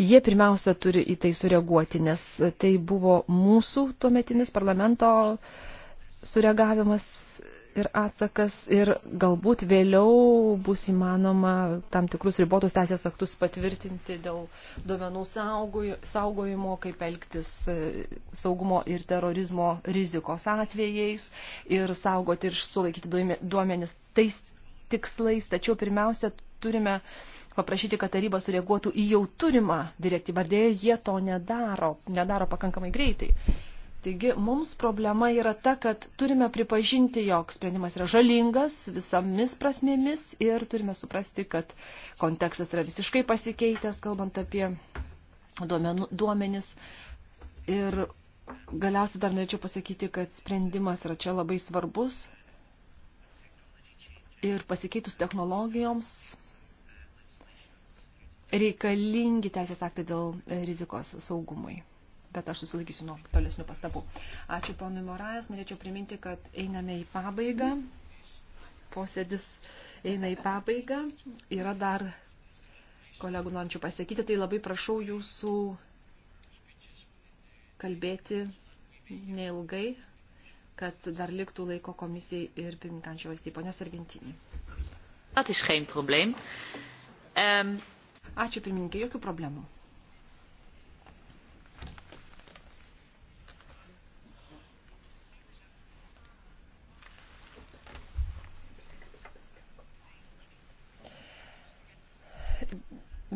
jie pirmiausia turi į tai sureaguoti, nes tai buvo mūsų tuometinis parlamento sureagavimas ir atsakas ir galbūt vėliau bus įmanoma tam tikrus ribotus teisės aktus patvirtinti dėl duomenų saugojimo, kaip elgtis e, saugumo ir terorizmo rizikos atvejais ir saugoti ir sulaikyti duomenis tais tikslais. Tačiau pirmiausia, turime paprašyti, kad taryba sureaguotų į jau turimą direktyvą, ar dėja jie to nedaro, nedaro pakankamai greitai. Taigi mums problema yra ta, kad turime pripažinti, jog sprendimas yra žalingas visomis prasmėmis ir turime suprasti, kad kontekstas yra visiškai pasikeitęs, kalbant apie duomenis. Ir galiausiai dar norėčiau pasakyti, kad sprendimas yra čia labai svarbus ir pasikeitus technologijoms reikalingi teisės aktai dėl rizikos saugumui bet aš susilaikysiu nuo tolesnių pastabų. Ačiū ponui Morajas, norėčiau priminti, kad einame į pabaigą, posėdis eina į pabaigą, yra dar kolegų norinčių pasakyti, tai labai prašau jūsų kalbėti neilgai, kad dar liktų laiko komisijai ir pirmininkančio valstybei, ponės Argentinai. Dat is geen probleem. Um... Ačiū pirmininkai, jokių problemų.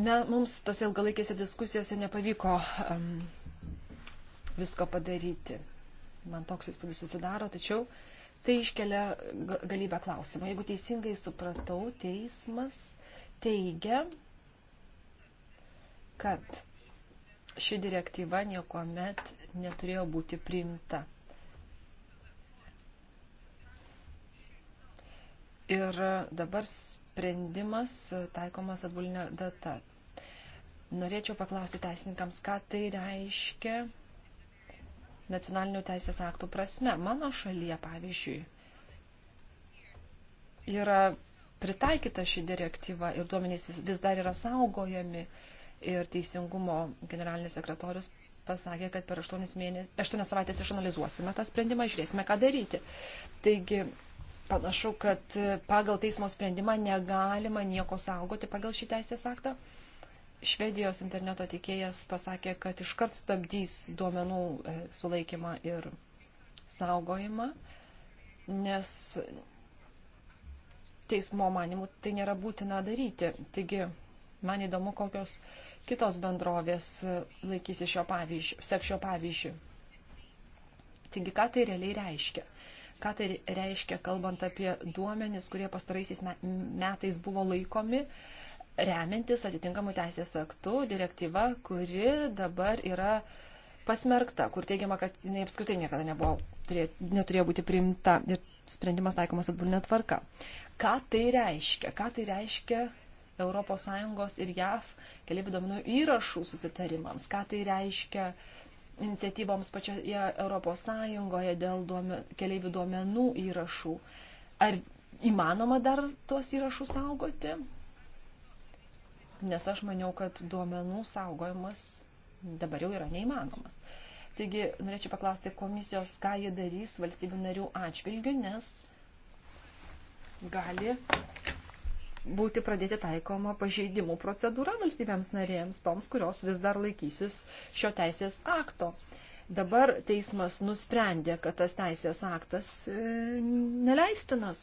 Me, mums tose ilgalaikėse diskusijose nepavyko um, visko padaryti. Man toks įspūdis susidaro, tačiau tai iškelia galybę klausimų. Jeigu teisingai supratau, teismas teigia, kad ši direktyva niekuomet neturėjo būti priimta. Ir dabar sprendimas taikomas atbulinė data. Norėčiau paklausti teisininkams, ką tai reiškia nacionalinių teisės aktų prasme. Mano šalyje, pavyzdžiui, yra pritaikyta ši direktyva ir duomenys vis dar yra saugojami. Ir teisingumo generalinis sekretorius pasakė, kad per 8, mėnes, 8 savaitės išanalizuosime tą sprendimą, žiūrėsime, ką daryti. Taigi, panašu, kad pagal teismo sprendimą negalima nieko saugoti pagal šį teisės aktą. Švedijos interneto tikėjas pasakė, kad iškart stabdys duomenų e, sulaikymą ir saugojimą, nes teismo manimų tai nėra būtina daryti. Taigi, man įdomu, kokios kitos bendrovės e, laikysi šio pavyzdžio, sek šio pavyzdžio. Taigi, ką tai realiai reiškia? Ką tai reiškia, kalbant apie duomenis, kurie pastaraisiais metais buvo laikomi? Uh, remiantis atitinkamų teisės aktų direktyva, kuri dabar yra pasmerkta, kur teigiama, kad jinai apskritai niekada nebuvo, turė, neturėjo būti priimta ir sprendimas taikomas atbulinė tvarka. Ką tai reiškia? Ką tai reiškia ES ir JAV keliaivių duomenų įrašų susitarimams? Ką tai reiškia iniciatyvoms pačioje ES dėl duome, keliaivių duomenų įrašų? Ar įmanoma dar tuos įrašus saugoti? nes aš maniau, kad duomenų saugojimas dabar jau yra neįmanomas. Taigi, norėčiau paklausti komisijos, ką jie darys valstybių narių atžvilgių, nes gali būti pradėti taikoma pažeidimų procedūra valstybėms narėms, toms, kurios vis dar laikysis šio teisės akto. Dabar teismas nusprendė, kad tas teisės aktas e, neleistinas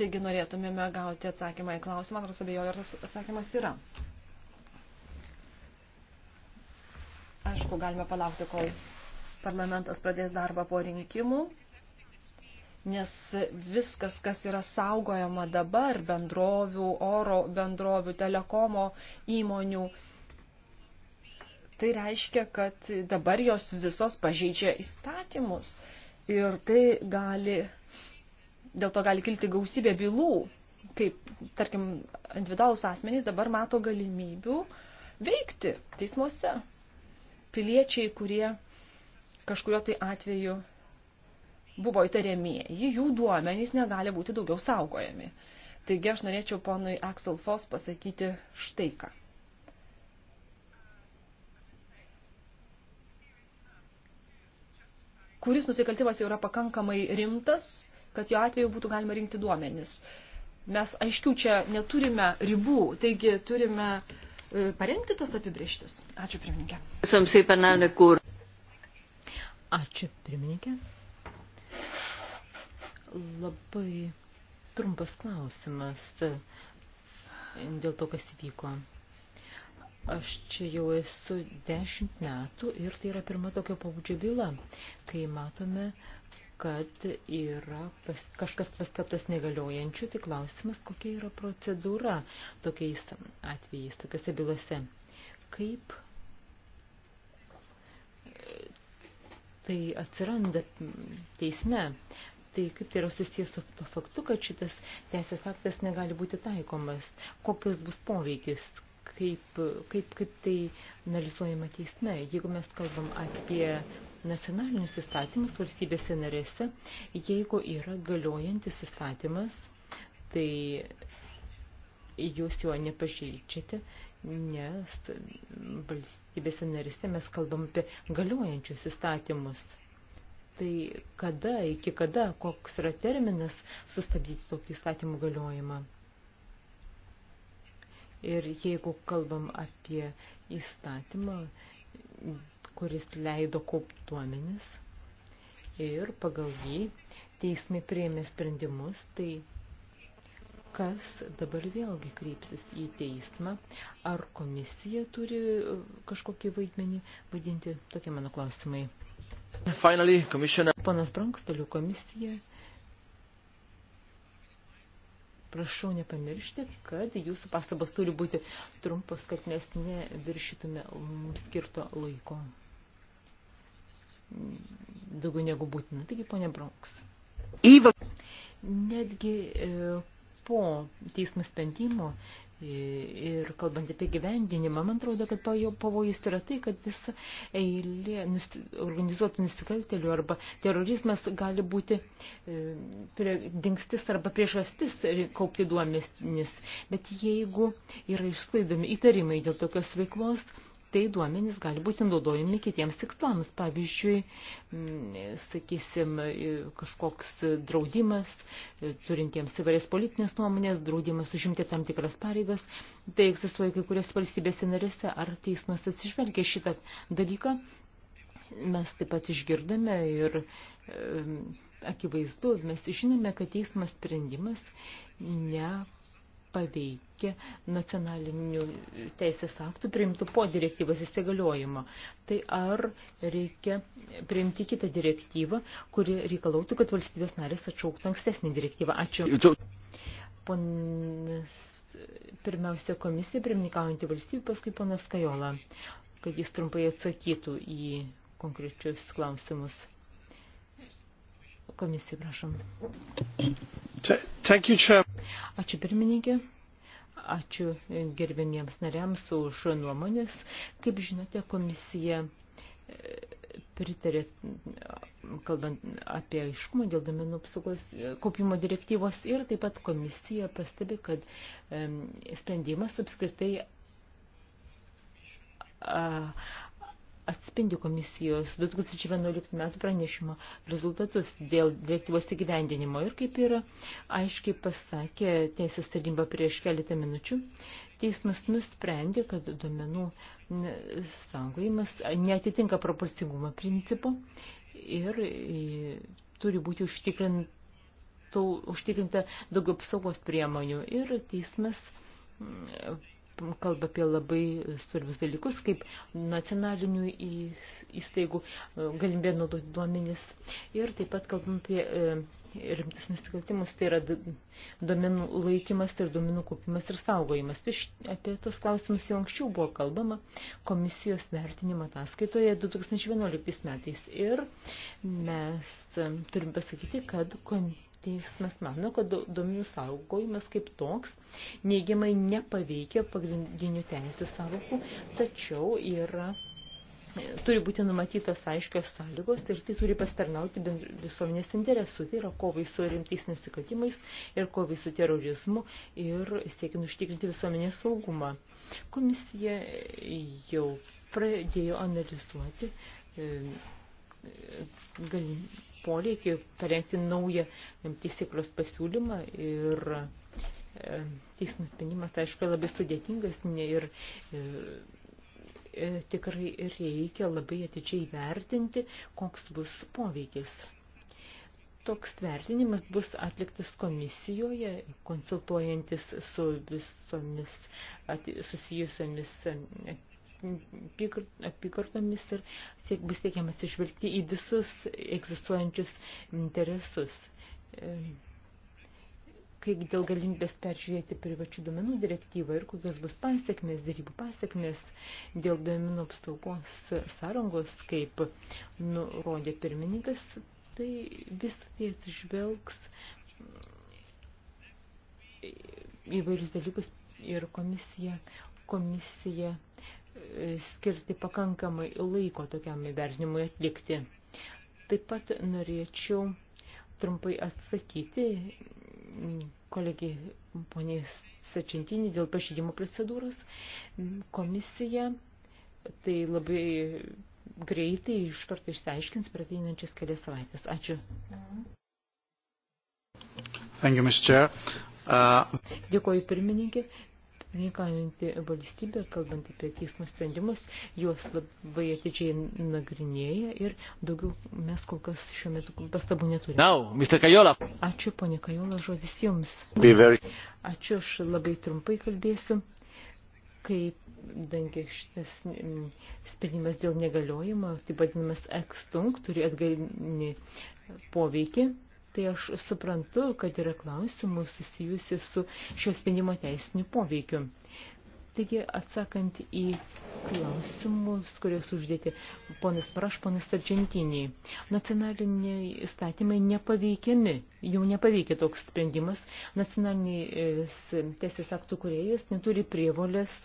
Taigi norėtumėme gauti atsakymą į klausimą, nors abejoju, ar tas atsakymas yra. Aišku, galime palaukti, kol parlamentas pradės darbą po rinkimų, nes viskas, kas yra saugojama dabar bendrovių, oro bendrovių, telekomo įmonių, tai reiškia, kad dabar jos visos pažeidžia įstatymus ir tai gali dėl to gali kilti gausybė bylų, kaip, tarkim, individualus asmenys dabar mato galimybių veikti teismuose. Piliečiai, kurie kažkurio tai atveju buvo įtariamieji, jų duomenys negali būti daugiau saugojami. Taigi aš norėčiau ponui Axel Foss pasakyti štai ką. Kuris nusikaltimas jau yra pakankamai rimtas, kad jo atveju būtų galima rinkti duomenis. Mes aiškių čia neturime ribų, taigi turime e, parengti tas apibrieštis. Ačiū, pirmininkė. Ačiū, pirmininkė. Labai trumpas klausimas e, dėl to, kas įvyko. Aš čia jau esu dešimt metų ir tai yra pirma tokio pabudžio byla, kai matome, kad yra pas, kažkas paskaptas negaliojančių, tai klausimas, kokia yra procedūra tokiais atvejais, tokiuose bylose. Kaip tai atsiranda teisme, tai kaip tai yra susijęs su to faktu, kad šitas teisės aktas negali būti taikomas, kokios bus poveikis, kaip, kaip, kaip tai analizuojama teisme. Jeigu mes kalbam apie nacionalinius įstatymus valstybėse narėse, jeigu yra galiojantis įstatymas, tai jūs jo nepažeidžiate, nes valstybėse narėse mes kalbam apie galiojančius įstatymus. Tai kada, iki kada, koks yra terminas sustabdyti tokį įstatymų galiojimą? Ir jeigu kalbam apie įstatymą, kuris leido kaupti duomenis ir pagal jį teismai prieimė sprendimus, tai kas dabar vėlgi kreipsis į teismą, ar komisija turi e, kažkokį vaidmenį vaidinti, tokie mano klausimai. Finally, commissioner. Panas Brankstolių komisija. Prašau nepamiršti, kad jūsų pastabas turi būti trumpas, kad mes neviršytume skirto laiko daugiau negu būtina. Taigi, ponė Bronks. Netgi e, po teismų sprendimo e, ir kalbant apie gyvendinimą, man atrodo, kad pavojus yra tai, kad visa eilė organizuotų nusikaltelių arba terorizmas gali būti e, prie, dingstis arba priežastis kaupti duomenis. Bet jeigu yra išsklaidomi įtarimai dėl tokios veiklos, tai duomenys gali būti naudojami kitiems tikslams. Pavyzdžiui, sakysim, kažkoks draudimas turintiems įvairias politinės nuomonės, draudimas užimti tam tikras pareigas. Tai egzistuoja kai kurias valstybės narėse. Ar teismas atsižvelgia šitą dalyką? Mes taip pat išgirdome ir e, akivaizdu, mes žinome, kad teismas sprendimas ne paveikia nacionalinių teisės aktų priimtų po direktyvos įsigaliojimo. Tai ar reikia priimti kitą direktyvą, kuri reikalautų, kad valstybės narės atšauktų ankstesnį direktyvą. Ačiū. Ponas, pirmiausia komisija, pirmininkaujantį valstybę, paskui ponas Kajola, kad jis trumpai atsakytų į konkrečius klausimus komisijai, prašom. Thank you, Chair. Ačiū pirmininkė. Ačiū gerbėmiems nariams už nuomonės. Kaip žinote, komisija e, pritarė, kalbant apie aiškumą dėl domenų apsaugos e, kopimo direktyvos ir taip pat komisija pastebi, kad sprendimas apskritai atspindi komisijos 2011 metų pranešimo rezultatus dėl direktyvos įgyvendinimo ir kaip yra aiškiai pasakė teisės taryba prieš keletą minučių, teismas nusprendė, kad duomenų saugojimas netitinka proporcingumo principo ir e, turi būti užtikrinta daugiau apsaugos priemonių ir teismas kalba apie labai svarbius dalykus, kaip nacionalinių įstaigų e, galimybė naudoti duomenis ir taip pat kalbam apie e, rimtus nusikaltimus, tai yra domenų laikymas, tai yra domenų kaupimas ir saugojimas. Iš, tai apie tos klausimus jau anksčiau buvo kalbama komisijos vertinimo ataskaitoje 2011 metais. Ir mes e, turim pasakyti, kad teismas mano, kad duomenų saugojimas kaip toks neigiamai nepaveikia pagrindinių teisų savokų, tačiau yra turi būti numatytos aiškios sąlygos ir tai turi pastarnauti visuomenės interesų. Tai yra kovai su rimtais nusikatimais ir kovai su terorizmu ir siekiant užtikrinti visuomenės saugumą. Komisija jau pradėjo analizuoti e, poreikį parengti naują teisėklos pasiūlymą ir e, teismas sprendimas, tai aišku, labai sudėtingas ir, ir e, E, tikrai reikia labai atidžiai vertinti, koks bus poveikis. Toks vertinimas bus atliktas komisijoje, konsultuojantis su visomis susijusiamis e, apygardomis ir siek, bus teikiamas išvelgti į visus egzistuojančius interesus. E, kaip dėl galimybės peržiūrėti privačių duomenų direktyvą ir kokios bus pasiekmes, darybų pasiekmes dėl duomenų apsaugos sąrangos, kaip nurodė pirmininkas, tai vis tai atsižvelgs įvairius dalykus ir komisija, komisija e, skirti pakankamai laiko tokiam įvertinimui atlikti. Taip pat norėčiau trumpai atsakyti kolegijai ponės Sačentinį dėl pažydimo procedūros. Komisija tai labai greitai iš karto išsiaiškins per ateinančias kelias savaitės. Ačiū. Thank you, Mr. Chair. Uh... Dėkuoju pirmininkė. Vykaujantį valstybę, kalbant apie teismų sprendimus, juos labai atidžiai nagrinėja ir daugiau mes kol kas šiuo metu pastabų neturime. Now, Mr. Kajola. Ačiū, ponė Kajola, žodis jums. Ačiū, aš labai trumpai kalbėsiu kaip dangi šitas mm, sprendimas dėl negaliojimo, taip vadinamas ekstunk, turi atgalinį poveikį tai aš suprantu, kad yra klausimų susijusi su šio sprendimo teisiniu poveikiu. Taigi, atsakant į klausimus, kuriuos uždėti ponas Praš, ponas Argentiniai, nacionaliniai įstatymai nepaveikiami, jau nepaveikia toks sprendimas, nacionaliniais teisės aktų kuriejas neturi prievolės e,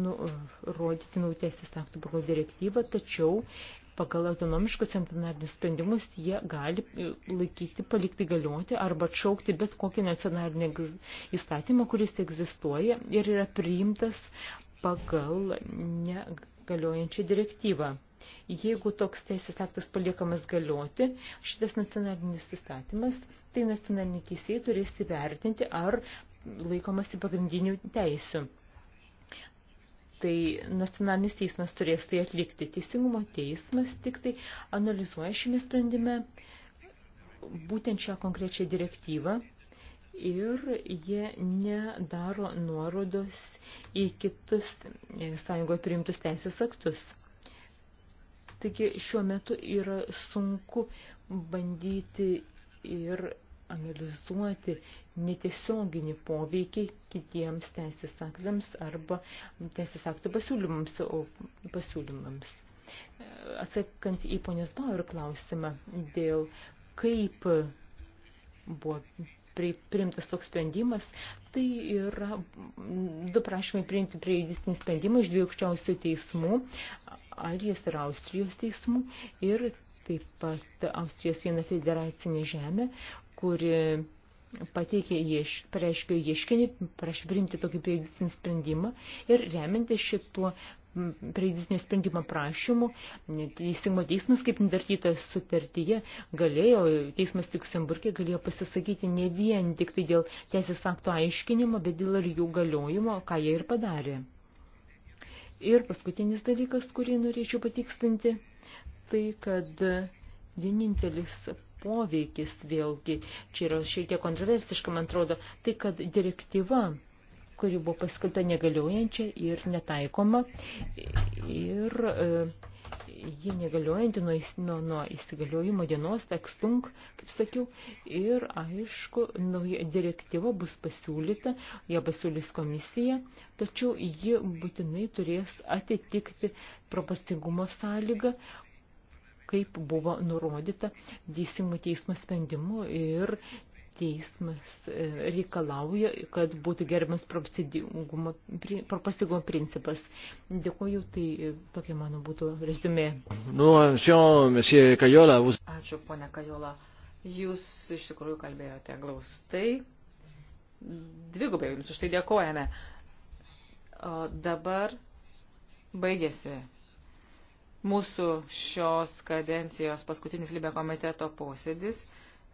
nurodyti naujų teisės aktų pagal direktyvą, tačiau pagal autonomiškus nacionalinius sprendimus jie gali e, laikyti, palikti galioti arba atšaukti bet kokį nacionalinį įstatymą, kuris egzistuoja ir yra priimtas pagal negaliojančią direktyvą. Jeigu toks teisės aktas paliekamas galioti, šitas nacionalinis įstatymas, tai nacionaliniai teisėjai turės įvertinti, ar laikomasi pagrindinių teisių tai nacionalinis teismas turės tai atlikti. Teisingumo teismas tik tai analizuoja šiame sprendime būtent šią konkrečią direktyvą ir jie nedaro nuorodos į kitus sąjungoje priimtus teisės aktus. Taigi šiuo metu yra sunku bandyti ir analizuoti netiesioginį poveikį kitiems teisės aktams arba teisės aktų pasiūlymams, o pasiūlymams. Atsakant į ponios Bauer klausimą dėl kaip buvo priimtas toks sprendimas, tai yra du prašymai priimti prie judicinį sprendimą iš dviejų aukščiausių teismų, Arijos ir Austrijos teismų, ir taip pat Austrijos viena federacinė žemė, kuri pateikė ieš, pareiškė ieškinį, prašė priimti tokį prejudicinį sprendimą ir remiantis šituo prejudicinio sprendimo prašymu, teisingo teismas, kaip nudartyta sutartyje, galėjo, teismas Tiksemburgė galėjo pasisakyti ne vien tik tai dėl teisės akto aiškinimo, bet dėl ir jų galiojimo, ką jie ir padarė. Ir paskutinis dalykas, kurį norėčiau patikstinti, tai kad vienintelis poveikis vėlgi, čia yra šiek tiek kontroversiška, man atrodo, tai kad direktyva kuri buvo paskelbta negaliojančia ir netaikoma. Ir e, ji negaliojanti nuo, nuo, nuo įsigaliojimo dienos, tekstunk, kaip sakiau. Ir aišku, nauja direktyva bus pasiūlyta, ją pasiūlys komisija, tačiau ji būtinai turės atitikti propastingumo sąlygą, kaip buvo nurodyta teisimų teismo sprendimu ir teismas e, reikalauja, kad būtų gerbiamas proporcingumo principas. Dėkuoju, tai e, tokia mano būtų rezumė. Nu, Ačiū, ponia Kajola. Jūs iš tikrųjų kalbėjote glaustai. Dvigubai jums už tai dėkojame. O dabar baigėsi mūsų šios kadencijos paskutinis Libė komiteto posėdis.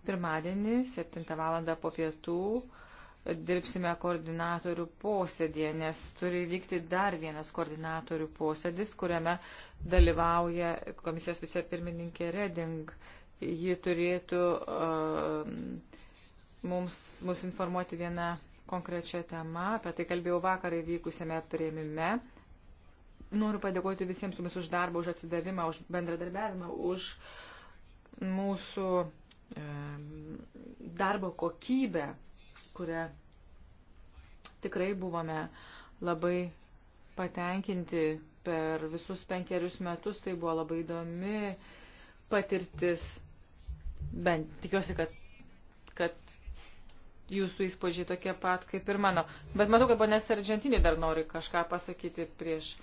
Pirmadienį 7 val. po pietų dirbsime koordinatorių posėdėje, nes turi vykti dar vienas koordinatorių posėdis, kuriame dalyvauja komisijos vicepirmininkė Reding. Ji turėtų uh, mums, mums informuoti vieną konkrečią temą, apie tai kalbėjau vakar įvykusiame prieimime. Noriu padėkoti visiems jums už darbą, už atsidavimą, už bendradarbiavimą, už mūsų e, darbo kokybę, kurią tikrai buvome labai patenkinti per visus penkerius metus. Tai buvo labai įdomi patirtis. Bent tikiuosi, kad, kad jūsų įspūdžiai tokie pat kaip ir mano. Bet matau, kad ponės Argentinė dar nori kažką pasakyti prieš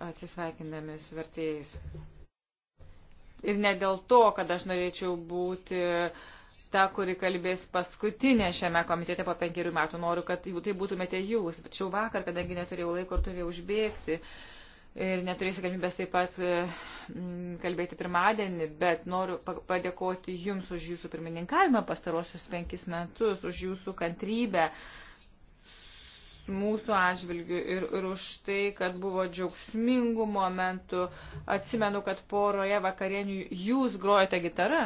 atsisveikindami su vertėjais. Ir ne dėl to, kad aš norėčiau būti ta, kuri kalbės paskutinė šiame komitete po penkerių metų. Noriu, kad tai būtumėte jūs. Tačiau vakar, kadangi neturėjau laiko ir turėjau užbėgti ir neturėsiu galimybės taip pat e, kalbėti pirmadienį, bet noriu padėkoti jums už jūsų pirmininkavimą pastarosius penkis metus, už jūsų kantrybę. Uh, mūsų atžvilgių ir, ir už tai, kad buvo džiaugsmingų momentų. Atsimenu, kad poroje vakarienių jūs grojate gitarą.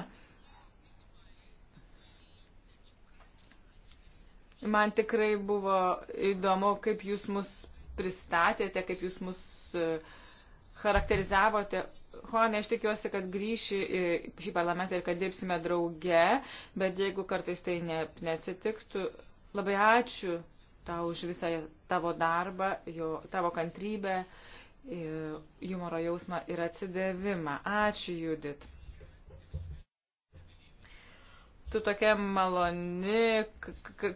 Man tikrai buvo įdomu, kaip jūs mus pristatėte, kaip jūs mus e, charakterizavote. Juanai, aš tikiuosi, kad grįši į šį parlamentą ir kad dirbsime drauge, bet jeigu kartais tai ne, neatsitiktų, labai ačiū tau už visą tavo darbą, jo, tavo kantrybę, humoro jausmą ir atsidavimą. Ačiū, Judit. Tu tokia maloni,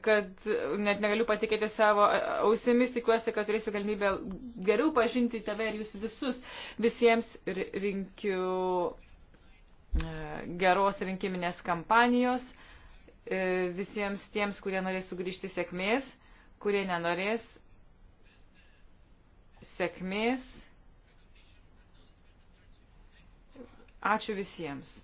kad net negaliu patikėti savo e, ausimis, tikiuosi, kad turėsiu galimybę geriau pažinti tave ir jūs visus. Visiems rinkiu e, geros rinkiminės kampanijos e, visiems tiems, kurie norės sugrįžti sėkmės kurie nenorės sėkmės. Ačiū visiems.